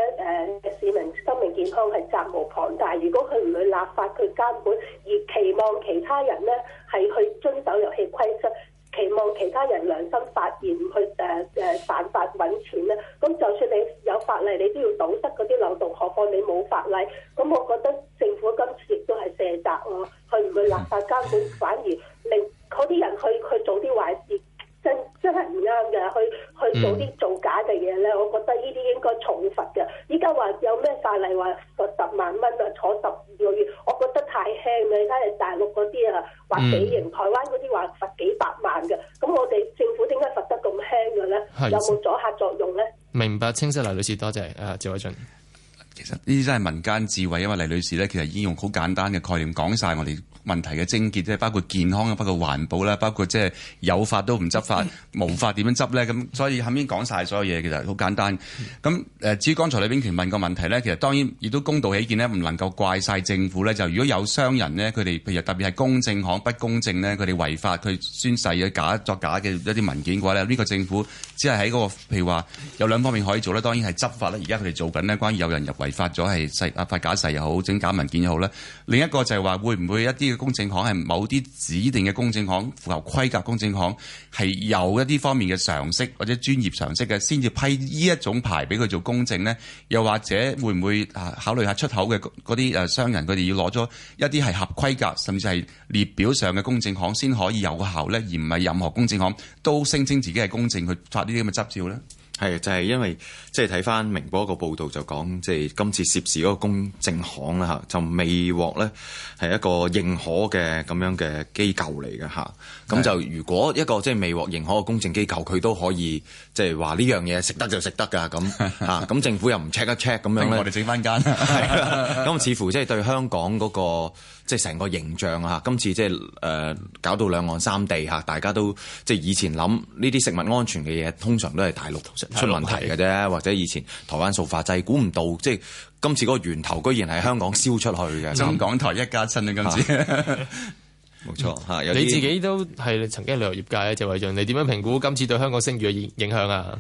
誒市民生命健康係責無旁貸。如果佢唔去立法，佢監管，而期望其他人咧係去遵守遊戲規則。期望其他人良心發現，去誒誒犯法揾錢咧，咁就算你有法例，你都要堵塞嗰啲漏洞，何況你冇法例，咁我覺得政府今次亦都係卸責咯，去唔去立法監管反而令嗰啲人去去做啲壞事。真真係唔啱嘅，去去做啲造假嘅嘢咧，嗯、我覺得呢啲應該重罰嘅。依家話有咩法例話罰十萬蚊啊，坐十二個月，我覺得太輕啦。你睇下大陸嗰啲啊，話死刑；台灣嗰啲話罰幾百萬嘅，咁我哋政府點解罰得咁輕嘅咧？有冇阻嚇作用咧？明白，清晰，黎女士多謝。阿趙偉俊，其實呢啲真係民間智慧，因為黎女士咧其實已經用好簡單嘅概念講晒我哋。問題嘅症結咧，包括健康啊，包括環保啦，包括即係有法都唔執法，冇 法點樣執呢？咁所以後面講晒所有嘢其實好簡單。咁誒，至於剛才李炳權問個問題呢，其實當然亦都公道起見呢，唔能夠怪晒政府呢。就如果有商人呢，佢哋譬如特別係公正行不公正呢，佢哋違法佢宣誓嘅假作假嘅一啲文件嘅話呢，呢、這個政府只係喺嗰個譬如話有兩方面可以做呢。當然係執法咧。而家佢哋做緊呢關於有人入違法咗係誓發假誓又好整假文件又好咧。另一個就係話會唔會一啲？公證行係某啲指定嘅公證行，符合規格公證行係有一啲方面嘅常識或者專業常識嘅，先至批呢一種牌俾佢做公證呢？又或者會唔會啊考慮下出口嘅嗰啲誒商人，佢哋要攞咗一啲係合規格，甚至係列表上嘅公證行先可以有效呢？而唔係任何公證行都聲稱自己係公證去發呢啲咁嘅執照呢？係，就係、是、因為即係睇翻明報一個報導就講，即、就、係、是、今次涉事嗰個公證行啦嚇，就未獲咧係一個認可嘅咁樣嘅機構嚟嘅嚇。咁的就如果一個即係未獲認可嘅公證機構，佢都可以即係話呢樣嘢食得就食得㗎咁嚇。咁、 嗯、政府又唔 check 一 check 咁樣我哋整翻間。咁 似乎即係對香港嗰、那個。即係成個形象啊！今次即係誒搞到兩岸三地嚇，大家都即係以前諗呢啲食物安全嘅嘢，通常都係大陸出問題嘅啫，或者以前台灣塑化劑，估唔到即係今次嗰個源頭居然係香港燒出去嘅。中港、嗯、那台一家親啊！今次冇、啊、 錯嚇，啊、你自己都係曾經旅遊業界啊，謝偉俊，你點樣評估今次對香港聲譽嘅影響啊？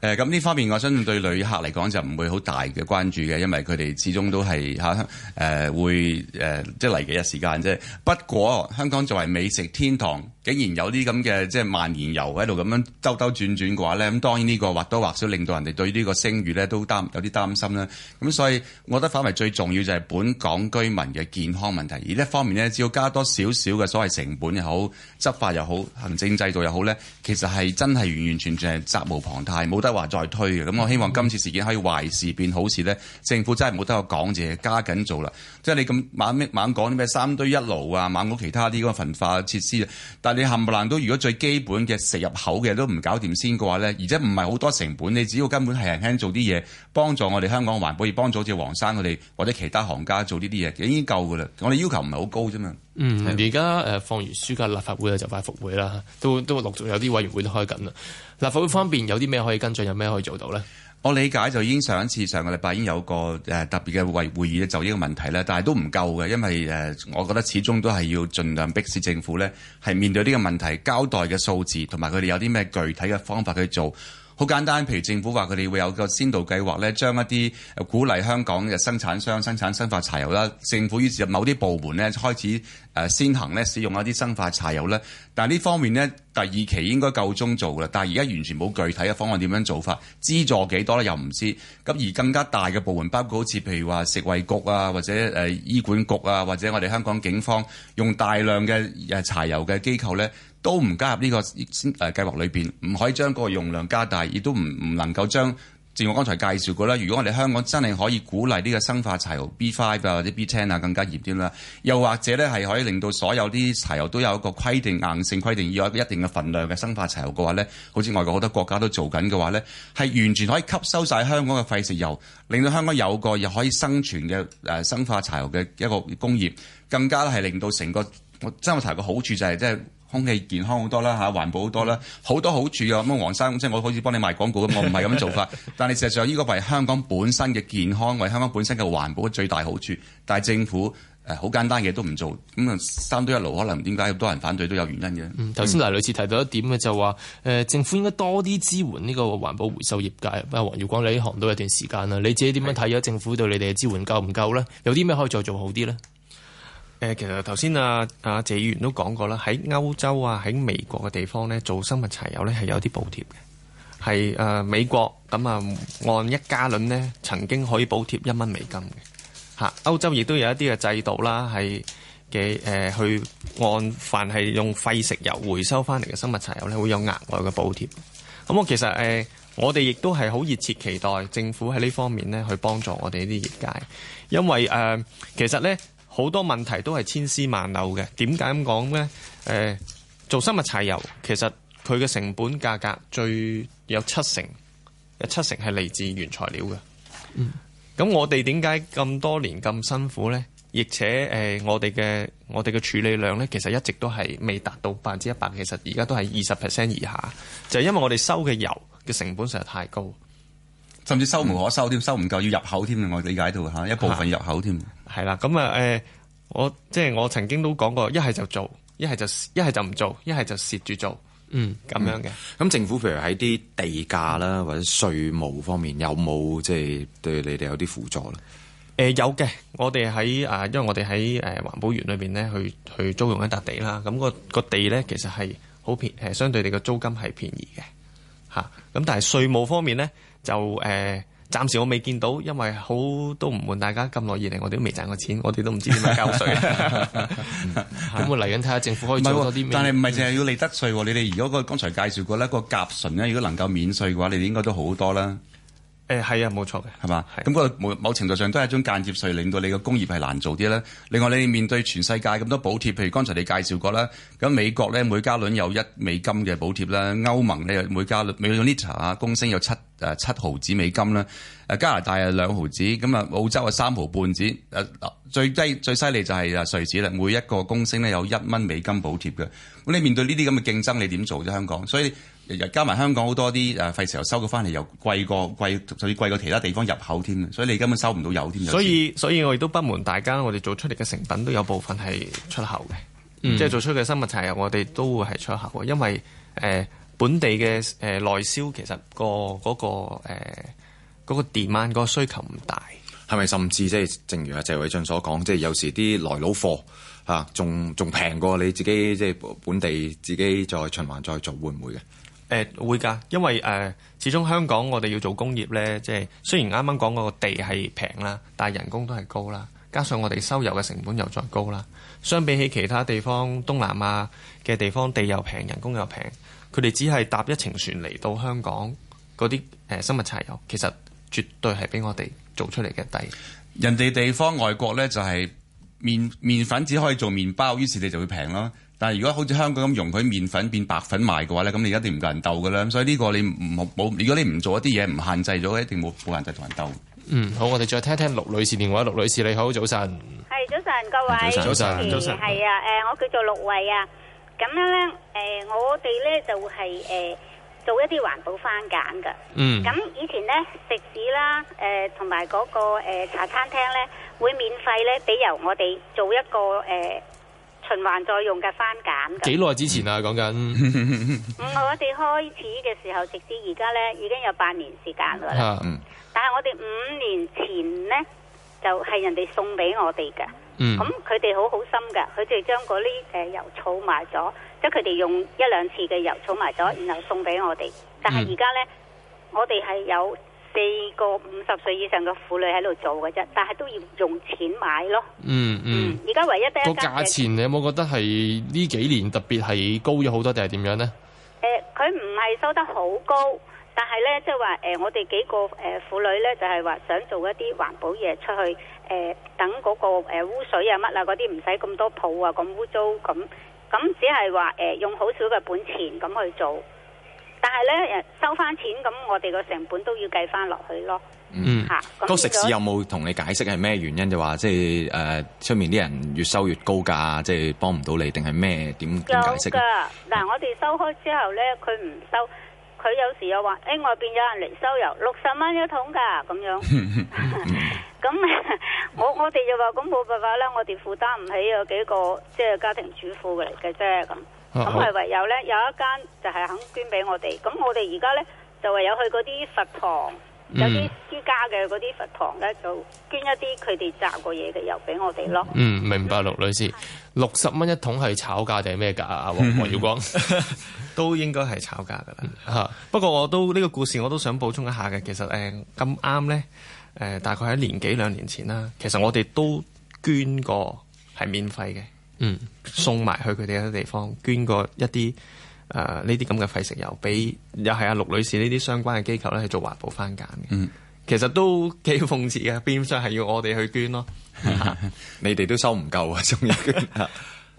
誒咁呢方面，我相信對旅客嚟講就唔會好大嘅關注嘅，因為佢哋始終都係嚇誒會誒、呃、即係嚟幾日時間啫。不過香港作為美食天堂，竟然有啲咁嘅即係萬年油喺度咁樣兜兜轉轉嘅話咧，咁當然呢個或多或少令到人哋對呢個聲譽咧都擔有啲擔心啦。咁所以我覺得反為最重要就係本港居民嘅健康問題。而呢一方面呢，只要加多少少嘅所謂成本又好，執法又好，行政制度又好咧，其實係真係完完全全係責無旁貸，冇得話再推嘅。咁我希望今次事件可以壞事變好事咧，政府真係冇得講嘅，加緊做啦。即係你咁猛咩猛講啲咩三堆一爐啊，猛講其他啲嗰個焚化設施啊，但你冚唪唥都如果最基本嘅食入口嘅都唔搞掂先嘅話咧，而且唔係好多成本，你只要根本係輕輕做啲嘢，幫助我哋香港環保，亦幫助好似黃生佢哋或者其他行家做呢啲嘢，已經夠噶啦。我哋要求唔係好高啫嘛。嗯，而家誒放完暑假，立法會啊就快復會啦，都都陸續有啲委員會都開緊啦。立法會方面有啲咩可以跟進，有咩可以做到咧？我理解就已經上一次上個禮拜已經有個誒、呃、特別嘅會會議咧，就呢個問題咧，但係都唔夠嘅，因為誒、呃，我覺得始終都係要盡量逼使政府咧，係面對呢個問題交代嘅數字，同埋佢哋有啲咩具體嘅方法去做。好簡單，譬如政府話佢哋會有個先導計劃咧，將一啲誒鼓勵香港嘅生產商生產生化柴油啦。政府於是某啲部門咧，開始誒先行咧使用一啲生化柴油啦。但係呢方面呢，第二期應該夠鐘做啦，但係而家完全冇具體嘅方案點樣做法，資助幾多咧又唔知。咁而更加大嘅部門，包括好似譬如話食衞局啊，或者誒醫管局啊，或者我哋香港警方用大量嘅誒柴油嘅機構咧。都唔加入呢個誒計劃裏邊，唔可以將個容量加大，亦都唔唔能夠將正如我剛才介紹過啦。如果我哋香港真係可以鼓勵呢個生化柴油 B five 啊或者 B ten 啊更加熱啲啦，又或者咧係可以令到所有啲柴油都有一個規定硬性規定，要有一個一定嘅份量嘅生化柴油嘅話咧，好似外國好多國家都做緊嘅話咧，係完全可以吸收晒香港嘅廢食油，令到香港有個又可以生存嘅誒生化柴油嘅一個工業，更加係令到成個生物柴油嘅好處就係即係。空氣健康好多啦嚇、啊，環保好多啦，好多好處嘅咁啊！黃、嗯、生即係我好似幫你賣廣告咁，我唔係咁做法。 但係事實上，呢個為香港本身嘅健康，為香港本身嘅環保最大好處。但係政府誒好、呃、簡單嘅都唔做，咁、嗯、啊三堆一爐可能點解咁多人反對都有原因嘅。頭先黎女士提到一點嘅、嗯、就話誒，政府應該多啲支援呢個環保回收業界。不過黃耀光你呢行都有一段時間啦，你自己點樣睇啊？政府對你哋嘅支援夠唔夠咧？的有啲咩可以再做好啲咧？誒、呃，其實頭先啊啊謝議員都講過啦，喺歐洲啊，喺美國嘅地方咧，做生物柴油咧係有啲補貼嘅，係誒、呃、美國咁啊、嗯，按一加侖咧，曾經可以補貼一蚊美金嘅吓。歐、嗯、洲亦都有一啲嘅制度啦，係嘅誒，去按凡係用廢食油回收翻嚟嘅生物柴油咧，會有額外嘅補貼。咁、嗯、我、嗯、其實誒、呃，我哋亦都係好熱切期待政府喺呢方面咧，去幫助我哋呢啲業界，因為誒、呃，其實咧。好多問題都係千絲萬縷嘅，點解咁講呢？誒、呃，做生物柴油其實佢嘅成本價格最有七成，有七成係嚟自原材料嘅。嗯，咁我哋點解咁多年咁辛苦呢？而且誒、呃，我哋嘅我哋嘅處理量呢，其實一直都係未達到百分之一百，其實而家都係二十 percent 以下，就係、是、因為我哋收嘅油嘅成本實在太高，嗯、甚至收唔可收添，收唔夠要入口添啊！我理解到嚇，一部分入口添。係啦，咁啊，誒，我即係我曾經都講過，一係就做，一係就一係就唔做，一係就蝕住做，嗯，咁、嗯、樣嘅。咁、 嗯、政府譬如喺啲地價啦，或者稅務方面 有冇即係對你哋有啲輔助咧？誒 呃，有嘅，我哋喺啊，因為我哋喺誒環保園裏邊咧，去去租用一笪地啦。咁個個地咧，其實係好便，係相對你個租金係便宜嘅，吓。咁但係稅務方面咧，就誒。呃暫時我未見到，因為好都唔滿，大家咁耐以嚟，我哋都未賺過錢，我哋都唔知點樣交稅。咁我嚟緊睇下看看政府可以做多啲咩？ 但係唔係淨係要利得稅、嗯、利得稅、那個？你哋如果個剛才介紹過咧、那個甲醇咧，如果能夠免稅嘅話，你哋應該都好多啦。誒係啊，冇、嗯、錯嘅，係嘛吧？咁嗰的個某某程度上都係一種間接稅，令到你個工業係難做啲咧。另外，你面對全世界咁多補貼，譬如剛才你介紹過啦，咁美國咧每加侖有一美金嘅補貼啦，歐盟咧每加每 unit 啊公升有七誒、啊、七毫子美金啦，誒、啊、加拿大係兩毫子，咁啊澳洲係三毫半子，誒、啊、最低最犀利就係啊瑞士啦，每一個公升咧有一蚊美金補貼嘅。咁你面對呢啲咁嘅競爭，你點做啫香港？所以日加埋香港好多啲誒費事又收佢翻嚟，又貴過貴，甚至貴過其他地方入口添，所以你根本收唔到油添。所以，所以我亦都不瞞大家我哋做出嚟嘅成品都有部分係出口嘅，嗯、即係做出嘅生物柴油，我哋都會係出口。因為誒、呃、本地嘅誒、呃、內銷其實、那個嗰、那個誒嗰、呃那個 demand 個需求唔大，係咪？甚至即係正如阿謝偉俊所講，即係有時啲來佬貨嚇仲仲平過你自己即係本地自己再循環再做會唔會嘅？誒會㗎，因為誒、呃、始終香港我哋要做工業呢，即係雖然啱啱講嗰個地係平啦，但係人工都係高啦，加上我哋收油嘅成本又再高啦，相比起其他地方東南亞嘅地方，地又平，人工又平，佢哋只係搭一程船嚟到香港嗰啲誒生物柴油，其實絕對係比我哋做出嚟嘅低。人哋地方外國呢，就係麵麵粉只可以做麵包，於是你就會平咯。但係如果好似香港咁容許麵粉變白粉賣嘅話咧，咁你一定唔夠人鬥嘅啦。所以呢個你唔冇冇，如果你唔做一啲嘢唔限制咗，一定冇冇人就同人鬥。嗯，好，我哋再聽一聽陸女士電話。陸女士你好，早晨。係，早晨各位。早晨。早晨。早晨。係啊，誒，我叫做陸慧啊。咁樣咧，誒、呃，我哋咧就係、是、誒、呃、做一啲環保番梘噶。嗯。咁以前咧食肆啦，誒同埋嗰個誒、呃、茶餐廳咧，會免費咧俾由我哋做一個誒。呃呃呃呃呃循環再用嘅番梘嘅，幾耐之前啊？講緊、嗯， 我哋開始嘅時候，直至而家呢已經有八年時間啦。但係我哋五年前呢，就係、是、人哋送俾我哋嘅。咁佢哋好好心嘅，佢哋將嗰啲誒油儲埋咗，即係佢哋用一兩次嘅油儲埋咗，然後送俾我哋。但係而家呢，嗯、我哋係有。四個五十歲以上嘅婦女喺度做嘅啫，但係都要用錢買咯。嗯嗯，而家唯一嘅個價錢，你有冇覺得係呢幾年特別係高咗好多定係點樣咧？誒，佢唔係收得好高，但係咧，即係話誒，我哋幾個誒婦女咧，就係話想做一啲環保嘢出去，誒，等嗰個誒污水啊乜啊嗰啲唔使咁多鋪啊咁污糟咁，咁只係話誒用好少嘅本錢咁去做。但係咧，收翻錢咁，我哋個成本都要計翻落去咯。嗯，吓、啊，個食肆有冇同你解釋係咩原因？就話即係誒，出面啲人越收越高價，即係幫唔到你，定係咩？點點解釋？噶嗱，我哋收開之後咧，佢唔、嗯、收，佢有時又話誒、欸，外邊有人嚟收油，六十蚊一桶噶，咁樣。咁我我哋就話咁冇辦法啦，我哋負擔唔起，有幾個即係家庭主婦嚟嘅啫咁。咁係、啊、唯有咧，有一間就係肯捐俾我哋。咁我哋而家咧就唯有去嗰啲佛堂，有啲私家嘅嗰啲佛堂咧，就捐一啲佢哋炸過嘢嘅油俾我哋咯。嗯，明白，盧女士，六十蚊一桶係炒價定係咩價啊？黃耀光都應該係炒價噶啦。吓，不過我都呢、這個故事我都想補充一下嘅。其實誒咁啱咧，誒、呃呃、大概喺年幾兩年前啦，其實我哋都捐過係免費嘅。嗯，送埋去佢哋一啲地方，捐過一啲，誒呢啲咁嘅廢食油，俾又係阿陸女士呢啲相關嘅機構咧去做環保番梘嘅。嗯，其實都幾諷刺嘅，變相係要我哋去捐咯， 你哋都收唔夠啊，仲要捐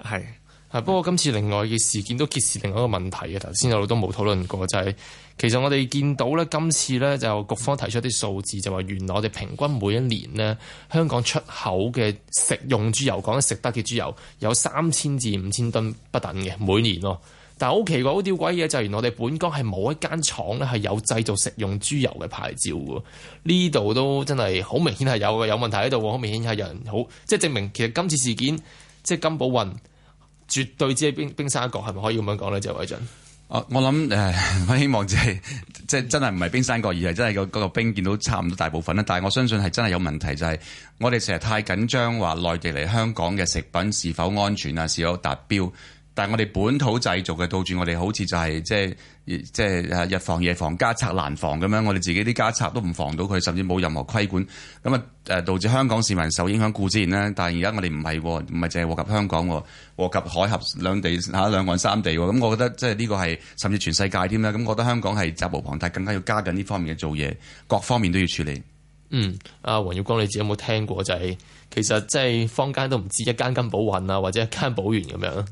係。啊！不過今次另外嘅事件都揭示另外一個問題嘅，頭先我都冇討論過，就係、是、其實我哋見到咧，今次咧就局方提出一啲數字，就話原來我哋平均每一年呢，香港出口嘅食用豬油講得食得嘅豬油有三千至五千噸不等嘅每年咯。但係好奇怪，好吊詭嘅就係、是、原來我哋本港係冇一間廠咧係有製造食用豬油嘅牌照嘅。呢度都真係好明顯係有個有問題喺度喎，好明顯係有人好，即係證明其實今次事件即係金寶運。絕對只係冰冰山一角，係咪可以咁樣講咧？謝偉俊，啊、我我諗誒，我希望即係即係真係唔係冰山一角，而係真係個個冰見到差唔多大部分啦。但係我相信係真係有問題，就係、是、我哋成日太緊張，話內地嚟香港嘅食品是否安全啊，是否達標？但係我哋本土製造嘅，導致我哋好似就係、是、即係即係日防夜防，家賊難防咁樣。我哋自己啲家賊都唔防到佢，甚至冇任何規管咁啊。誒、嗯，導致香港市民受影響固之然啦，但係而家我哋唔係唔係，淨係禍及香港喎、哦，及海峽兩地嚇、啊、兩岸三地喎、哦。咁、嗯、我覺得即係呢個係甚至全世界添啦。咁、嗯、覺得香港係責無旁貸，更加要加緊呢方面嘅做嘢，各方面都要處理。嗯，阿、啊、黃耀光，你自己有冇聽過就係、是、其實即係坊間都唔知一間金寶運啊，或者一間寶源咁樣。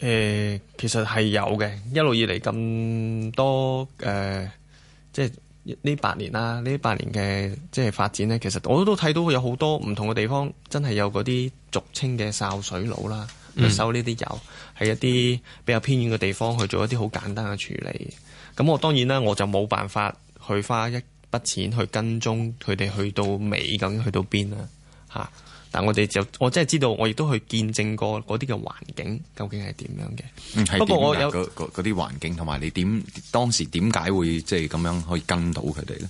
誒，其實係有嘅，一路以嚟咁多誒、呃，即係呢八年啦，呢八年嘅即係發展呢，其實我都睇到有好多唔同嘅地方，真係有嗰啲俗稱嘅潲水佬啦，去收呢啲油，喺、嗯、一啲比較偏遠嘅地方去做一啲好簡單嘅處理。咁我當然啦，我就冇辦法去花一筆錢去跟蹤佢哋去到尾，究竟去到邊啦，吓。但我哋就我真係知道，我亦都去見證過嗰啲嘅環境究竟係點樣嘅。嗯、樣，不過我有嗰啲環境同埋你點當時點解會即係咁樣可以跟到佢哋咧？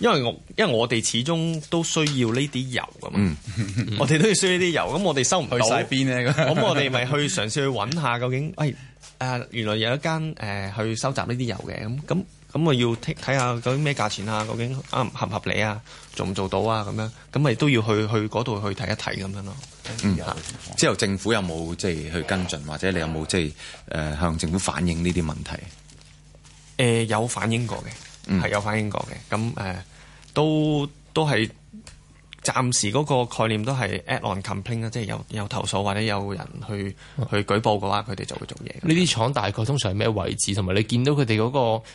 因為我因為我哋始終都需要呢啲油噶嘛， 我哋都要需要呢啲油，咁我哋收唔到，去咗邊呢，咁 我哋咪去嘗試去揾下究竟，喂、哎，誒、呃，原來有一間誒、呃、去收集呢啲油嘅咁咁。咁咪要睇睇下究竟咩價錢啊，究竟啱合唔合理啊，做唔做到啊，咁樣。咁咪都要去去嗰度去睇一睇咁樣咯。嗯，之後政府有冇即係去跟進，或者你有冇即係誒向政府反映呢啲問題？誒、呃、有反映過嘅，係有反映過嘅。咁、嗯、誒、嗯、都都係。暫時嗰個概念都係 act on complaint 即係有有投訴或者有人去去舉報嘅話，佢哋就會做嘢。呢啲廠大概通常係咩位置？同埋你見到佢哋嗰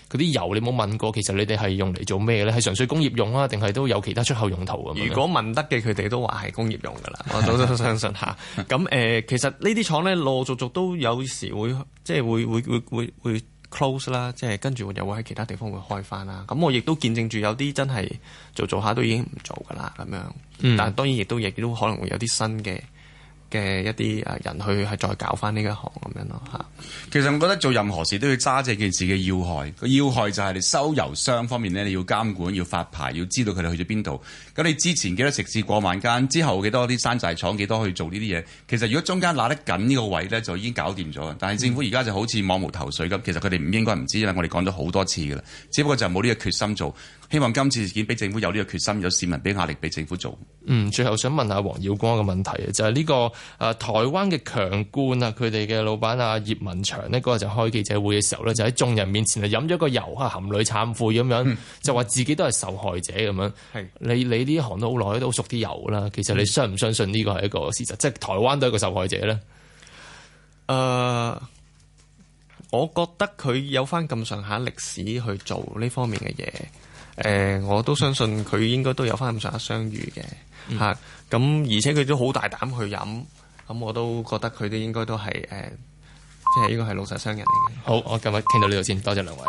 個啲油，你冇問過，其實你哋係用嚟做咩咧？係純粹工業用啊，定係都有其他出口用途咁樣？如果問得嘅，佢哋都話係工業用㗎啦。我都相信嚇。咁誒、 呃，其實呢啲廠咧，陸陸續續都有時會即係會會會會會。會會會會 close 啦，即係跟住又會喺其他地方會開翻啦。咁我亦都見證住有啲真係做做下都已經唔做噶啦咁樣。嗯、但係當然亦都亦都可能會有啲新嘅嘅一啲誒人去係再搞翻呢一行咁樣咯嚇。其實我覺得做任何事都要揸正件事嘅要害。個要害就係你收油商方面咧，你要監管、要發牌、要知道佢哋去咗邊度。咁你之前幾多食肆過萬間，之後幾多啲山寨廠幾多去做呢啲嘢？其實如果中間拿得緊呢個位咧，就已經搞掂咗。但係政府而家就好似望無頭水咁，其實佢哋唔應該唔知，因為我哋講咗好多次噶啦。只不過就冇呢個決心做。希望今次事件俾政府有呢個決心，有市民俾壓力俾政府做。嗯，最後想問下黃耀光嘅問題，就是這個，啊，就係呢個誒台灣嘅強冠啊，佢哋嘅老闆阿葉文祥呢嗰就開記者會嘅時候呢，就喺眾人面前就飲咗個油啊，含淚懺悔咁樣，嗯、就話自己都係受害者咁樣。係你的你。你呢行都好耐，都好熟啲油啦。其實你相唔相信呢個係一個事實？即係台灣都係一個受害者咧。誒、呃，我覺得佢有翻咁上下歷史去做呢方面嘅嘢。誒、嗯呃，我都相信佢應該都有翻咁上下相遇嘅吓。咁、嗯啊、而且佢都好大膽去飲。咁我都覺得佢啲應該都係誒，即係呢個係老實商人嚟嘅。好，我今日傾到呢度先，多謝兩位。